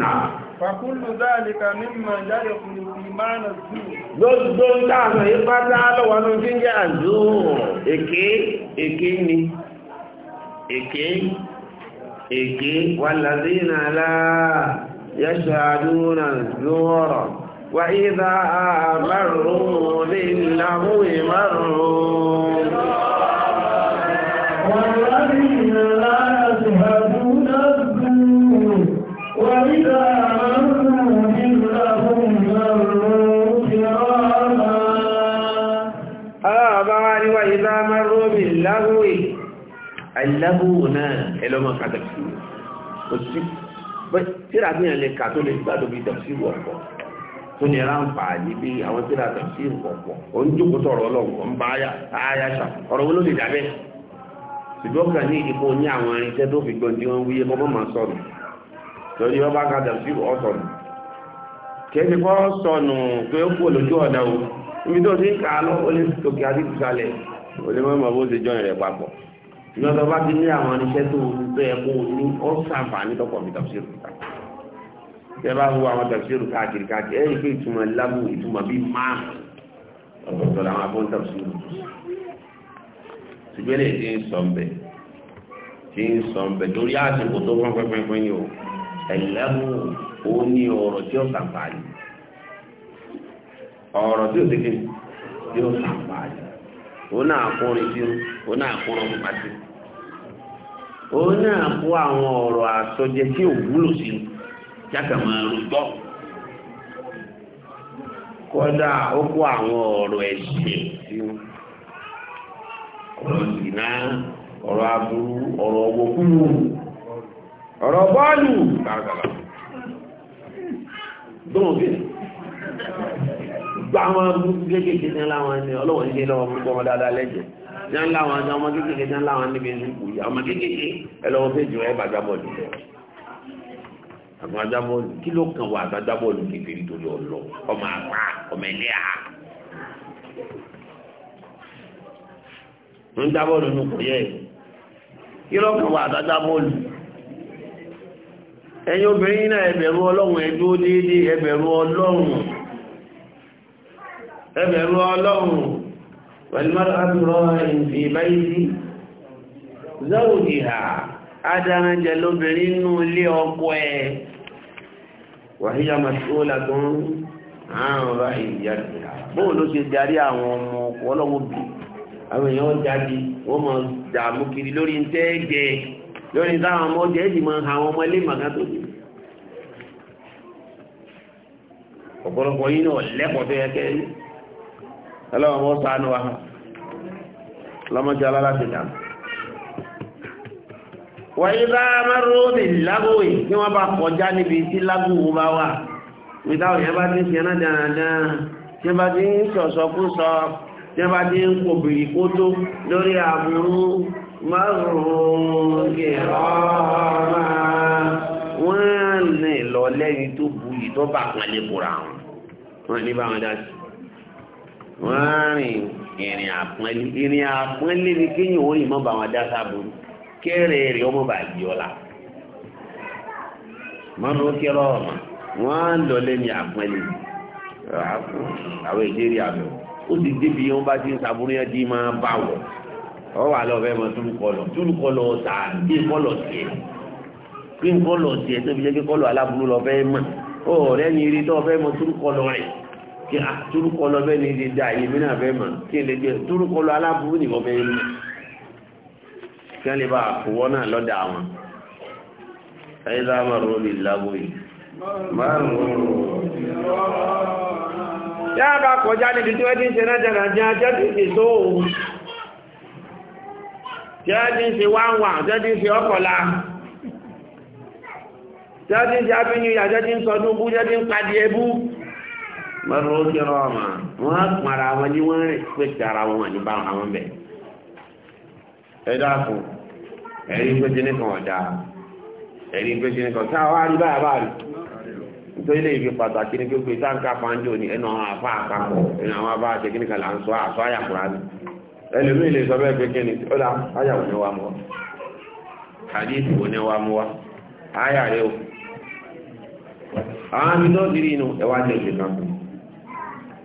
náà. fàkúlù dáàlìkà mímọ̀ jáde kùnú fi máa nà sí. gbogbo táàmù ìpátá lọ́wọ́ ló fi ń jẹ́ àdúrò èké èké ni èké èké wàlàdínà láà yẹ́ṣẹ́ àdúrà zúwọ́rọ̀ wà ìdá àbárùn-ún lè láhùn ìmárùn-ún. wàlàdínà ẹ̀lẹ́bù náà ẹlọ́mọ kàtàkì òsì tíra bí ẹ̀lẹ́ kà tó lè gbádùn bí tẹ̀sí wọ̀pọ̀ tó ní ráńpà níbi àwọn tíra tẹ̀sí wọ̀pọ̀ ó ń jókòó tọ̀rọ̀ ọlọ́wọ́ ń bá ayá ayá ṣà ọ̀rọ̀ wo ló lè dàbẹ́ ṣùgbọ́n kàn ní ìdìbò ní àwọn irinṣẹ́ tó fi gbọ́n tí wọ́n wúyé kọ́mọ́ máa sọ̀rọ̀ lórí ọba ká tẹ̀sí ọ̀sọ̀rọ̀ kẹ́sì kọ́ sọnù pé ó kú olójú ọ̀dà o ibi tó ti ń kà á lọ ó lè tókè àti ìtúsálẹ̀ ó lè mọ́ ìmọ̀ bó ṣe jọyìn rẹ̀ papọ̀ ìgbọ́n tó bá ti ní àwọn irinṣẹ́ tó tó yẹ kó ní ó sàǹfààní tọkọ mi tafsiru káàkiri tẹ bá wo àwọn tafsiru káàkiri káàkiri ẹ̀yìn pé ìtumọ̀ lábù ìtumọ̀ bíi máa ọ̀tọ̀ọ̀tọ̀ làwọn abọ́n tafsiru ṣùgbọ́n lè ti ń sọ ń bẹ̀ ti ń sọ ń bẹ̀ torí àsìkò tó pọ́n pẹ́pẹ́pẹ́ ni o ẹ̀lẹ́mú ó ní ọ̀rọ̀ tí ó sàǹfààní ọ̀rọ̀ tí ó ti kí ó sàǹfààní ó náà kúrin tí ó náà kúrin pàtó òun náà kó àwọn ọ̀rọ̀ àsọjẹ tí ò wúlò sí jákà máa rú gbọ́ ó kó àwọn ọ̀rọ̀ ẹ̀ṣẹ̀ sí ọ̀rọ̀ ìná ọ̀rọ̀ aburú ọ̀rọ̀ òwòkúlù ọ̀rọ̀ bọ́ọ̀lù kàràkàrà gbọ́n bí àwọn jẹ́ ńlá wọn jẹ́ ọmọ kékeré jẹ́ ńlá wọn níbi ìsìnkú yìí ọmọ kékeré ẹ lọ́wọ́ fẹ́ jù ẹ bá jábọ̀lù àwọn ajábọ̀lù kí ló kàn wá àtàjábọ̀lù kékeré torí ọ̀lọ́ ọmọ àpá ọmọ ẹlẹ́ à ń jábọ̀lù nù kọ̀ yẹ kí ló kàn wá àtàjábọ̀lù ẹ̀yin obìnrin náà ẹ bẹ̀rù ọlọ́run déédéé ẹ bẹ̀rù ọlọ́run ẹ والمرأة راع في بيت زوجها أدم جلبرين لأقوى وهي مسؤولة عن رعيتها bóòlù ṣe darí àwọn ọmọ ọlọ́wọ́ àwọn èèyàn jáde wọ́n mọ̀ dààmú kiri lórí ntẹ́ẹ̀jẹ̀ lórí táwọn ọmọ jẹ́ ìdìmọ̀ àwọn ọmọ ilé tó ọ̀pọ̀lọpọ̀ tó yẹ ọlọ́wọ́n bọ́ sánú wa lọ́mọdé aláláṣẹ dànù wà ìdá márùn-ún ìlágòwì tí wọ́n bá kọjá níbi tí lágòwò bá wà ìdáwò yẹn bá ti ṣe náà dáadáa tí wọ́n bá ti ń sọ̀sọ̀ kú sọ tí wọ́n bá ti ń kò bìrì kó tó lórí àbúrú márùn-ún ìrọ́mà wọ́n lè lọ lẹ́yìn tó buyì tó bá kan lè kóra wọn ní bá wọn dá sí wọ́n rìn ìrìn àpọ́nlé ìrìn àpọ́nlé ni kéèyàn ó yìnbọn bá wọn dáṣà burú kẹ́rẹ̀ rẹ̀ ọmọ bá yí ọ̀la mọ́nú kẹ́rọ ọ̀mà wọ́n lọ lẹ́ni àpọ́nlé àwọn ìdérí àbẹ̀ ó sì débi wọn bá ti ń sàbúrú yẹn di máa bá wọ̀ ọ wà lọ bẹ́ẹ̀ mọ túlùkọlọ túlùkọlọ ọ̀tà bí nkọlọ tiẹ̀ bí nkọlọ tiẹ̀ tóbi jẹ́ kí kọlọ aláburú lọ fẹ́ mọ̀ ọ̀rẹ́ ni eré tó fẹ́ mọ túlùkọlọ rẹ̀ kí a turukọlọ bẹ́ẹ̀ ni di da yìí mìíràn bẹ́ẹ̀ mà kí lè jẹ turukọlọ aláburú ni wọ́n bẹ́ẹ̀ mú kí wọ́n lè bá fowó náà lọ́dà àwọn. ayé dá máa ro mi lágbo yìí. máa ń ro. yá a bá kọjá níbi tí wọ́n ti ń ṣe náà jẹ́nà jẹ́ ajá tó ti tó o. tí wọ́n ti ń ṣe wáńwá tí wọ́n ti ń ṣe ọkọ̀la tí wọ́n ti ń ṣe abínú yà tí wọ́n ti ń sọdún bú tí wọ́n ti ń padì ẹbú mọ́rọ̀ ó kẹrọ ọmọ wọ́n á pọn ara wọn ní wọ́n rìn pé ti ara wọn ní báwọn àwọn bẹ̀. ẹ dákun ẹ̀rí pé tí nìkan ọ̀dà ẹ̀rí pé tí nìkan tá a wá rí báyà báyà nítorí lè fi pàtàkì ní pé pé táǹkà pàǹjọ ni ẹnu àwọn afá àpapọ̀ ẹnu àwọn afá àti kíníkà là ń sọ àṣọ àyàkùrá ni ẹlòmíì lè sọ bẹ́ẹ̀ pé kíni ó dá ayàwó ni wàá mú wa hadith wo ni wàá mú wa ayà rẹ o àwọn àmì náà ti rí inú ẹwà lè fi kàn fún un.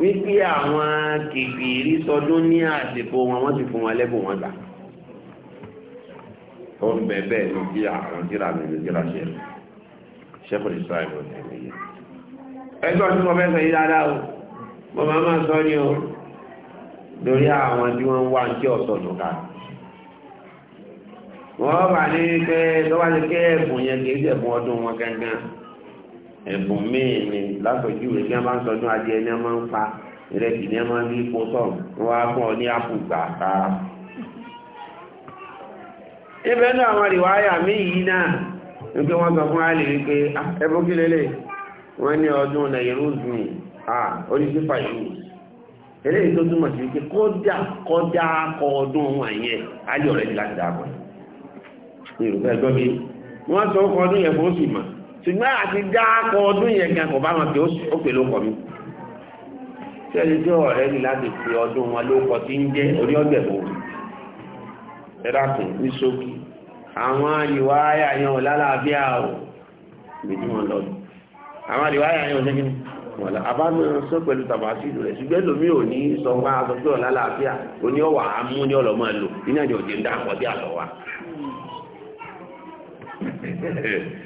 wípé àwọn kìkìrí sọdún ní àsìkò wọn wọ́n ti fún wọn lẹ́bùn wọn gbà ó ń bẹ bẹ́ẹ̀ ní bí àwọn jíra mi ló jíra ṣe ṣẹ́kù ní sọ́ọ̀ ìbò tẹ̀lé yìí ẹgbẹ́ ọtí mo fẹ́ sọ yìí dáadáa o mo máa máa sọ ni o lórí àwọn tí wọ́n ń wá ní ọ̀sọ̀ tó ká wọ́n bá ní pé tó ti kẹ́ ẹ̀bùn yẹn kì í ṣẹ̀bùn ọdún wọn gángan ẹ̀bùn míì ni lápẹ̀júwe kí a bá ń sọdún adìẹ ní wọ́n máa ń pa ìrẹsì ní wọ́n máa ń rí ipò tọ̀ wọ́n fún ọ ní àpò gbàgbà. ibẹ̀ náà àwọn rìwáyà míì náà ní pé wọ́n sọ fún àlè wípé ah, ẹbú kí lélẹ̀ wọ́n ní ọdún nàìjíríà ah, eléyìí tó túmọ̀ sí wípé kọjá kọjá kọ ọdún ṣùgbọ́n àti dáàkọ ọdún yẹn gan kò bá wọn pé ó pè ló kọ mi tí ẹni tí ọ̀rẹ́ ní láti fi ọdún wọn ló kọ tí ń jẹ́ orí ọ̀gbẹ̀ bò ẹ̀dàkùn ní ṣókí àwọn ìwà ayà yẹn ò lálàáfíà ò gbèdú wọn lọ àwọn ìwà ayà yẹn ò lẹ́gbẹ̀ẹ́ wọ̀lá àbámu sọ pẹ̀lú tàbátìlù rẹ̀ ṣùgbọ́n lómi ò ní sọ wá aṣọ pé ọ̀la làáfíà ó ní ọ̀wà amú ní ọ̀lọ́ máa lò nínú àjọ òjò ń dá àpọ̀ sí àlọ́ wa.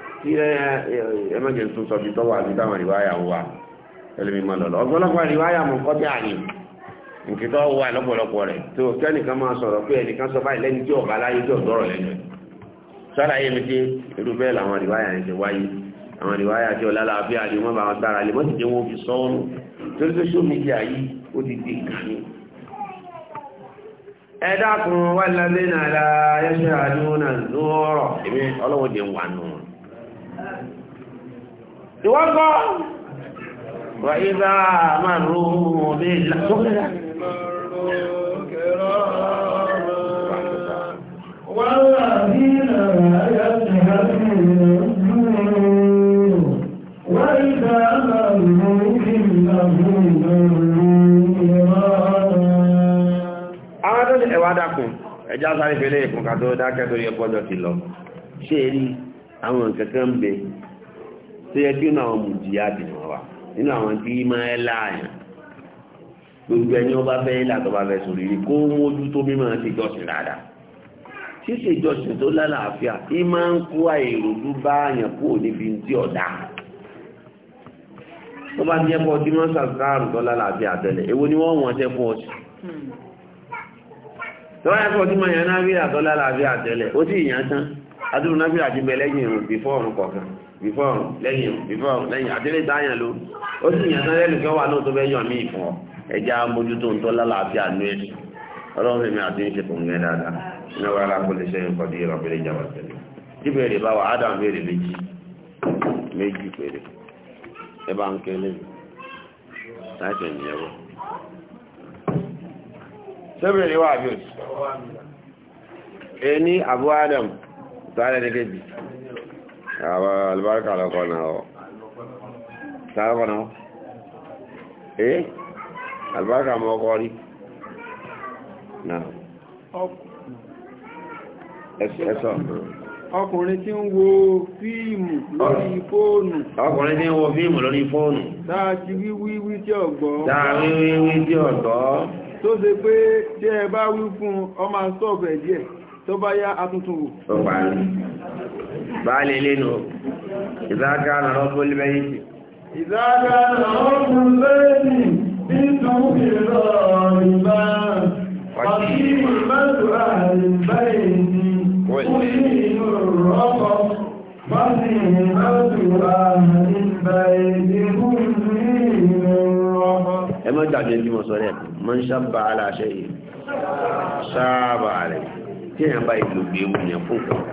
tí ẹ mẹ́jẹ̀ tún sọ bí tọ́wọ́ àti táwọn àríwáyà wà ẹlẹ́mí máa lọ́lọ́ ọgbọ́lọpọ̀ àríwáyà mọ̀ kọ́ bí àyè nǹkan tó wà lọ́pọ̀lọpọ̀ rẹ̀ tó kẹ́nìkan máa sọ̀rọ̀ pé ẹnìkan sọ báyìí lẹ́ni tí ọ̀gá láyé tí ọ̀dọ́rọ̀ lẹ́nu ẹ̀ sálàyé mi tí irú bẹ́ẹ̀ làwọn àríwáyà ń ṣe wáyé àwọn àríwáyà tí ọ̀lá láàbí àdé wọn bá wọn gbára lè mọ́ ti dé wọn fi sọ́ọ́nù torí pé sómi jẹ́ àyí wà lábẹ́ náà la náà lóòrọ̀ èmi ọlọ́wọ́ dé wà nù ìwọ́gbọ́ wà ìbá máa rú bí ìlàtọ́gbẹ̀rẹ̀ Àwọn tó ní ẹwà dákùn, ẹjá sáré fẹ́lẹ́ ìkùnkà tó dákẹ́ torí ẹgbọ́jọ́ ti lọ. Ṣé rí àwọn kẹ̀kẹ́ ń bẹ tó yẹ kí nínú àwọn mùjìyà bì wọn wà nínú àwọn tí máa láàyàn gbogbo ẹni wọn bá fẹ́ ilà tó bá fẹ́ sórí rí kó mójú tó mímọ́ ti jọ́sìn dáadáa ṣíṣe ìjọsìn tó lálàáfíà ì máa ń kó àìròdú bá àyàn kúrò níbi tí ọ̀dà tó bá jẹ́ pọ̀ dímọ́ sàkárù tó lálàáfíà tẹ́lẹ̀ èwo ni wọ́n wọ́n tẹ́ fún ọ sí tó bá jẹ́ pọ̀ dímọ́ yẹn náà bí lálàáfíà tẹ́lẹ̀ ó sì yàn tán adúrú náà bí àti bẹ̀lẹ́yìn bí fọ́ọ̀rùn kọ̀ọ̀kan before lẹ́yìn before lẹ́yìn àtẹ́lẹ́ dáyàn ló ó sì yàn tán lẹ́nu kẹwàá náà tó fẹ́ yàn mí fún ọ ẹja mójútó ń tọ́ lálàáfíà nú ẹ̀ ọlọ́run èmi àti ìṣe kò ń gẹ́ dáadáa iná wa alákòólé ṣe ń kọ́dí ìrọ̀bẹ̀rẹ̀ ìjọba tẹ̀lé tí bèrè bá wà ádàm bèrè méjì méjì péré ẹ bá ń kélé láti ẹ̀yìn ẹ̀wọ̀ sẹ́bẹ̀rẹ̀ wà bí òsì ẹni àbú ádàm tó àwọn alùbáríkà lọ́kọ́ náà ọ̀ sáàkọ́ náà eh alùbáríkà mọ́ ọkọ́ rí náà ẹ̀sọ́ ọkùnrin tí ń wo fíìmù lórí fóònù ọkùnrin tí ń wo fíìmù lórí fóònù dáa ti wíwíwí tí ọ̀gbọ́ dáa wíwíwí tí ọ̀gbọ́ tó ṣe pé tí ẹ bá wí fún ọmọ sọ́ọ̀bẹ̀ díẹ̀ tó bá yá atuntun wò baálé ilé nù ìzáká nà rọ́bù lẹ́yìn ìzáká nà rọ́bù lẹ́yìn nítorí lọ́rọ̀ ìbá àti ìmọ̀tò àìbáyìí kò sí inú rọ́pọ̀ fásitì ìmọ̀tò àìbáyìí kò sí inú rọ́pọ̀. ẹ má gbàgbé bí mo sọ rẹ mo ń sábà aláṣẹ yìí sábà rẹ tí èèyàn bá ìlú gbé wù yẹn fún kan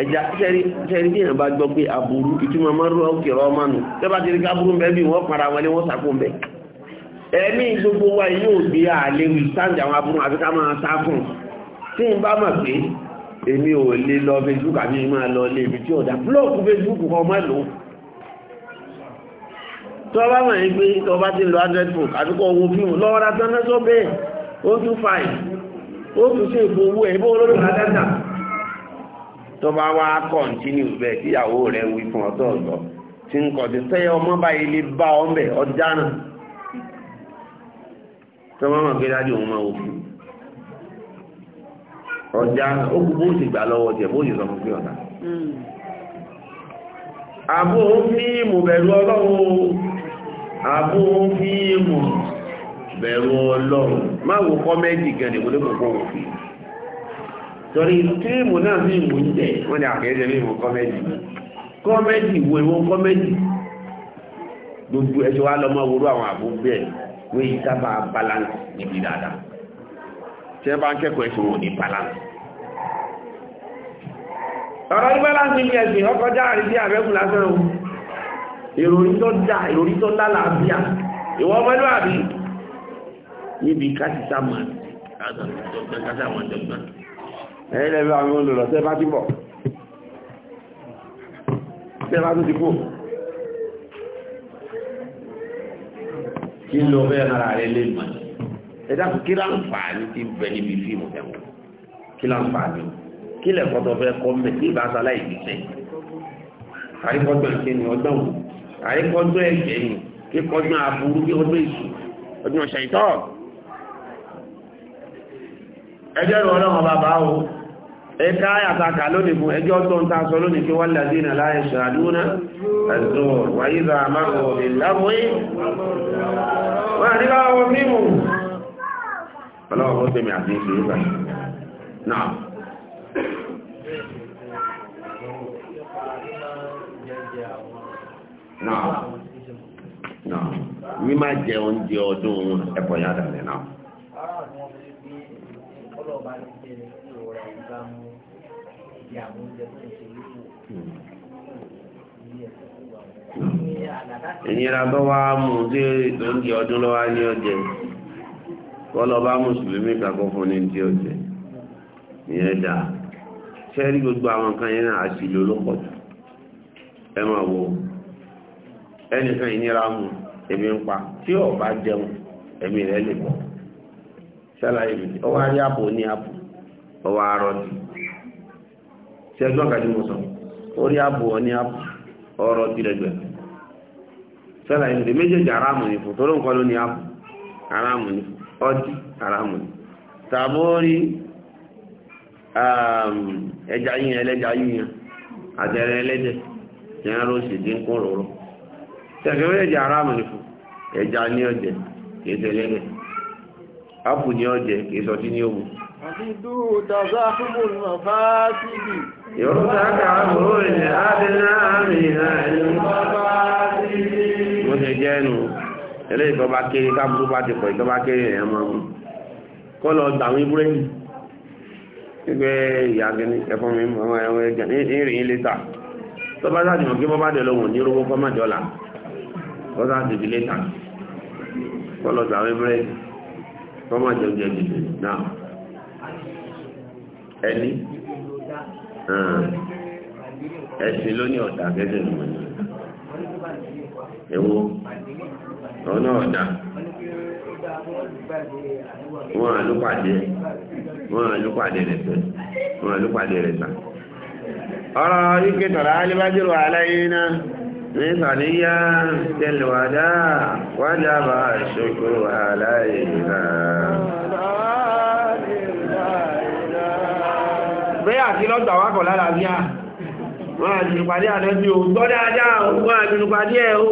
ẹja ṣẹ́rí bí èèyàn bá gbọ́ pé aburú ìtumọ̀ máa ń rọ òkèrọ ọmọ nù tẹ́ bá ti rí káburú ń bí wọ́n para wọn ni wọ́n sàkó ń bẹ ẹ̀mí gbogbo wa yóò gbé àlè wí sáǹdì àwọn aburú àfi ká máa sá fún tí n bá mọ̀ pé èmi ò lè lọ facebook àbí máa lọ lé ibi tí ọ̀dà búlọ́ọ̀kù facebook kan mọ́ lò ó tí wọ́n bá mọ̀ yín pé tí wọ́n bá ti lọ hundred book àti kọ́ owó fíìmù lọ́wọ́ ra tán náà sọ bẹ́ẹ̀ ó tún fàì ó tún sí ìfowó ẹ̀ bó olórí tó bá wá kọ̀ǹtínú bẹ́ẹ̀ tíyàwó rẹ̀ wí fún ọ̀tọ̀ ọ̀gbọ̀ tí ń kọ̀ tí sẹ́yẹ ọmọ báyìí lè bá ọ mẹ́ ọjà náà tó máa mọ̀ pé dájú òun máa wò fún ọjà ó kú bó sì gbà lọ́wọ́ tiẹ̀ bó sì sọ fún pé ọ̀tá àbó fi mú bẹ̀rù ọlọ́run àbó fi mú bẹ̀rù ọlọ́run má wò kọ́mẹ́dì gan torí tíìmù náà bí ìmú ń jẹ wọ́n ni àkẹ́ẹ̀jẹ́ bí ìmú kọ́mẹ́dì kọ́mẹ́dì wo ìwọ́n kọ́mẹ́dì gbogbo ẹjọ́ wa lọ́mọ wúrú àwọn àbúgbé ẹ̀ wọ́n yìí sábà balance níbi dáadáa tí ẹ bá ń kẹ́kọ̀ọ́ ẹ̀sùn wọn ní balance ọ̀rọ̀ ní balance níbi ẹ̀sìn ọkọ̀ jáàrí sí àbẹ́kùn lásán o ìròyìn tó dá ìròyìn tó lálàáfíà ìwọ ọmọdé àbí níbi kásìtà mọ̀ àtàkùn tó gbẹ́ kásìtà mọ̀ ẹ̀ẹ́lẹ́ bí àwọn olùrọ̀ tẹ́ bá túbọ̀ tẹ́ bá tó ti kú kí ló bẹ́ẹ̀ ara rẹ̀ lè mọ̀ ẹ̀dá kí láǹfààní ti bẹ níbi fíìmù ẹ̀wọ̀n kí láǹfààní kí lẹ̀kọ́ tó fẹ́ kọ́ mẹ́ kí ìbá sálá ìgbésẹ̀ àríkọ́gbọ̀n kí ni ọdún àríkọ́gbọ̀n ẹ̀jẹ̀ ni kíkọ́gbọ̀n aburú kí ọdún èṣù ọdún ọ̀ṣẹ̀ ìtọ́ ẹjẹ́ ìrọ̀lọ́wọ́ bàbá o ẹka àyàtàkà lónìí fún ẹjọ́ tó ń tàṣọ lónìí kí wọ́n lẹ́dí ìnà láyé ṣàdúnà ẹ̀zọ́ wàyíza àmàrò ìlàmùí wọ́n rí láwọ́ mímù ọlọ́wọ́ tẹ́mi àti ìṣẹ́ ìgbà náà náà náà mímá ọlọ́ọ̀bá ní kí ẹni tí ìgbà mú fi àwọn oúnjẹ tó mú sí tó ọdún lọ́wọ́ ní ọjẹ́ kọ́ mùsùlùmí kakọ́ fún ní ti ọjẹ́ ìyẹn dáa gbogbo àwọn nǹkan yẹn náà àṣìlò ló pọ̀ jù ẹ máa wo ẹnìkan ìnira ń pa tí ò bá jẹun ẹ̀mí rẹ̀ tí ẹgbọ́n kàjú mo sọ orí ọ ní ọ̀rọ̀ tìrẹgbẹ sẹlẹ ìṣẹ̀lẹ̀ méjèèjì aráàmù ní fún torí nǹkan ló ní ààbò aráàmù ní ọtí aráàmù ní tàbórí um, ẹja yíyan ẹlẹ́ja yíyan àtẹrẹ ẹlẹ́jẹ̀ tí wọn rò sì méjèèjì aráàmù ní fún ẹja ní ní àti dúró tàbí يرزق عبره لأبناء من المفاتيح متجانو eléyìí tó bá kéré káàbùrú bá ti pọ̀ ìtọ́ bá kéré ẹ̀yàn máa mú kọ́ lọ gbàwọn ibúrẹ́jì nígbẹ́ ìyá gẹ́ni ẹ̀fọ́n mi ọmọ ẹ̀wọ̀n ẹ̀jẹ̀ ìrìn ilé ta tó bá sáà dìmọ̀ kí bọ́ bá dẹ̀ lọ́wọ́ ní orúkọ kọ́ ẹ̀sìn ló ní ọ̀dà gẹ́gẹ́ nìmọ̀ ní ẹ̀wọ́ ọ̀nà ọ̀dà wọ́n àlúpàdé wọ́n àlúpàdé rẹ̀ tẹ̀ wọ́n àlúpàdé rẹ̀ tà ọ̀rọ̀ ike tọ̀rọ̀ alíbájúrò aláyínà ní sàníyá tẹ̀lẹ̀wàdá wájábà ṣokòrò aláyínà bẹ́yà sí lọ́gbà wákọ̀ lálàáfíà wọ́n àjìnúpadé àdẹ́bí o gbọ́ dáadáa wọ́n àjìnúpadé ẹ̀ o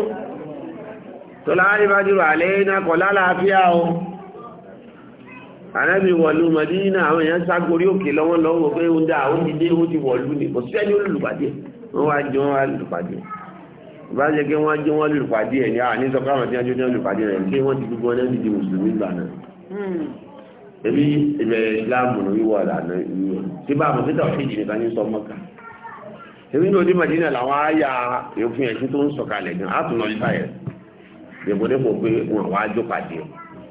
tó láàrínbájúrò àlẹ́ ìnákọ̀ lálàáfíà o àrẹ́bí wọ̀lú Mẹdínà àwọn èèyàn ságorí òkè lọ́wọ́ lọ́wọ́ pé ó dá ó ti dé ó ti wọ̀lú ní kò sẹ́ni ni wọ́n wá jọ wọ́n lùpàdé bá jẹ́ kí wọ́n jọ wọ́n lùpàdé ẹ̀ ní àní sọ káwọn tí wọ́n jọ wọ́n lùpàdé rẹ̀ pé wọ́n ti gbogbo ọdẹ́ ti di mùsùlùmí gbà náà hmm èmi ìbẹ̀rẹ̀ ìsìláàmù ló wíwọ̀ ìlànà ìwé tí bá àmọ́ títà òfin ìjìnlẹ̀ ní sọ mọ́kà èmi ní odi Madina làwọn àyà òfin ẹ̀sìn tó ń sọ̀kalẹ̀ gan àtúnlọ nípa ẹ̀ dèbòdèbò pé wọn wá jó pàdé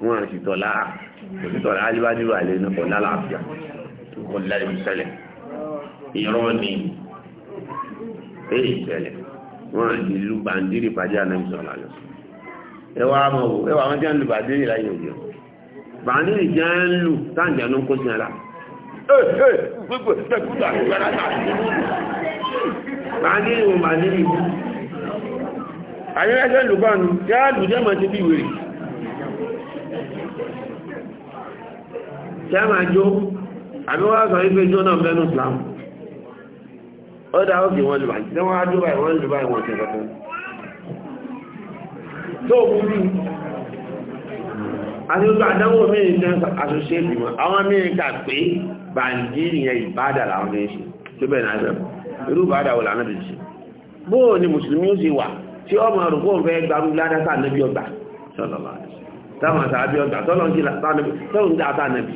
wọn àti tọ́lá òsì tọ́lá alíbádìrò àlẹ́ náà kò lálàáfíà kò láì ṣẹlẹ̀ ìrọ́ ni èyí ṣẹlẹ̀ wọn àti ìlú bàndírì pàdé àná ìsọ̀lá lọ ẹwà àwọn jẹ́ ń lu bàndírì láyé òjò bàánì ìjẹ́ ń lù táǹjà ló ń kó sí ara bàánì ìwọ̀n bàánì ìwú àyíwẹ́jẹ́ lùbánu yá lù jẹ́ mọ̀ ti bí wèrè tẹ́ máa jó àbíwá sọ wípé jó náà mẹ́nu Islam ó dá òkè wọn lùbá tí wọ́n á lùbá ìwọ̀n tẹ̀lẹ̀kọ́ tó burú àtúntò àdánwò míì tán àtúnṣe ìgbìmọ̀ àwọn míì kà pé bàǹdírì yẹn ìbádà làwọn lè ṣe tó bẹ̀rẹ̀ náà bẹ̀rẹ̀ irú ìbádà wò làwọn lè ṣe bóò ni mùsùlùmí ó sì wà tí ọmọ àrùkọ́ fẹ́ gbarú ládàtà níbi ọgbà sọlọ́lá táwọn àtàbí ọgbà tọ́lọ́ ń dá àtànàbí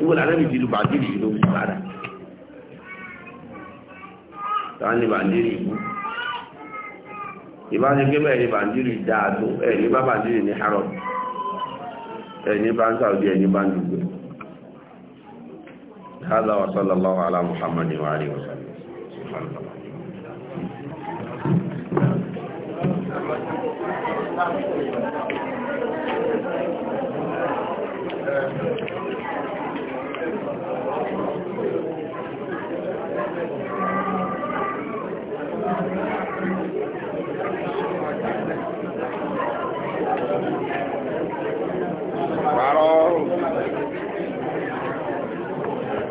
ìwò lànàbí ti lu bàǹdírì yìí ló fi bẹ́ẹ̀ ní bàǹdírì dáadó ẹ̀ ní bá bàǹdírì ní harrods ẹni bá ń sàúdí ẹni bá ń dùgbẹ̀ هذا وصلى الله على محمد وعلى اله وصحبه سبحانه وتعالى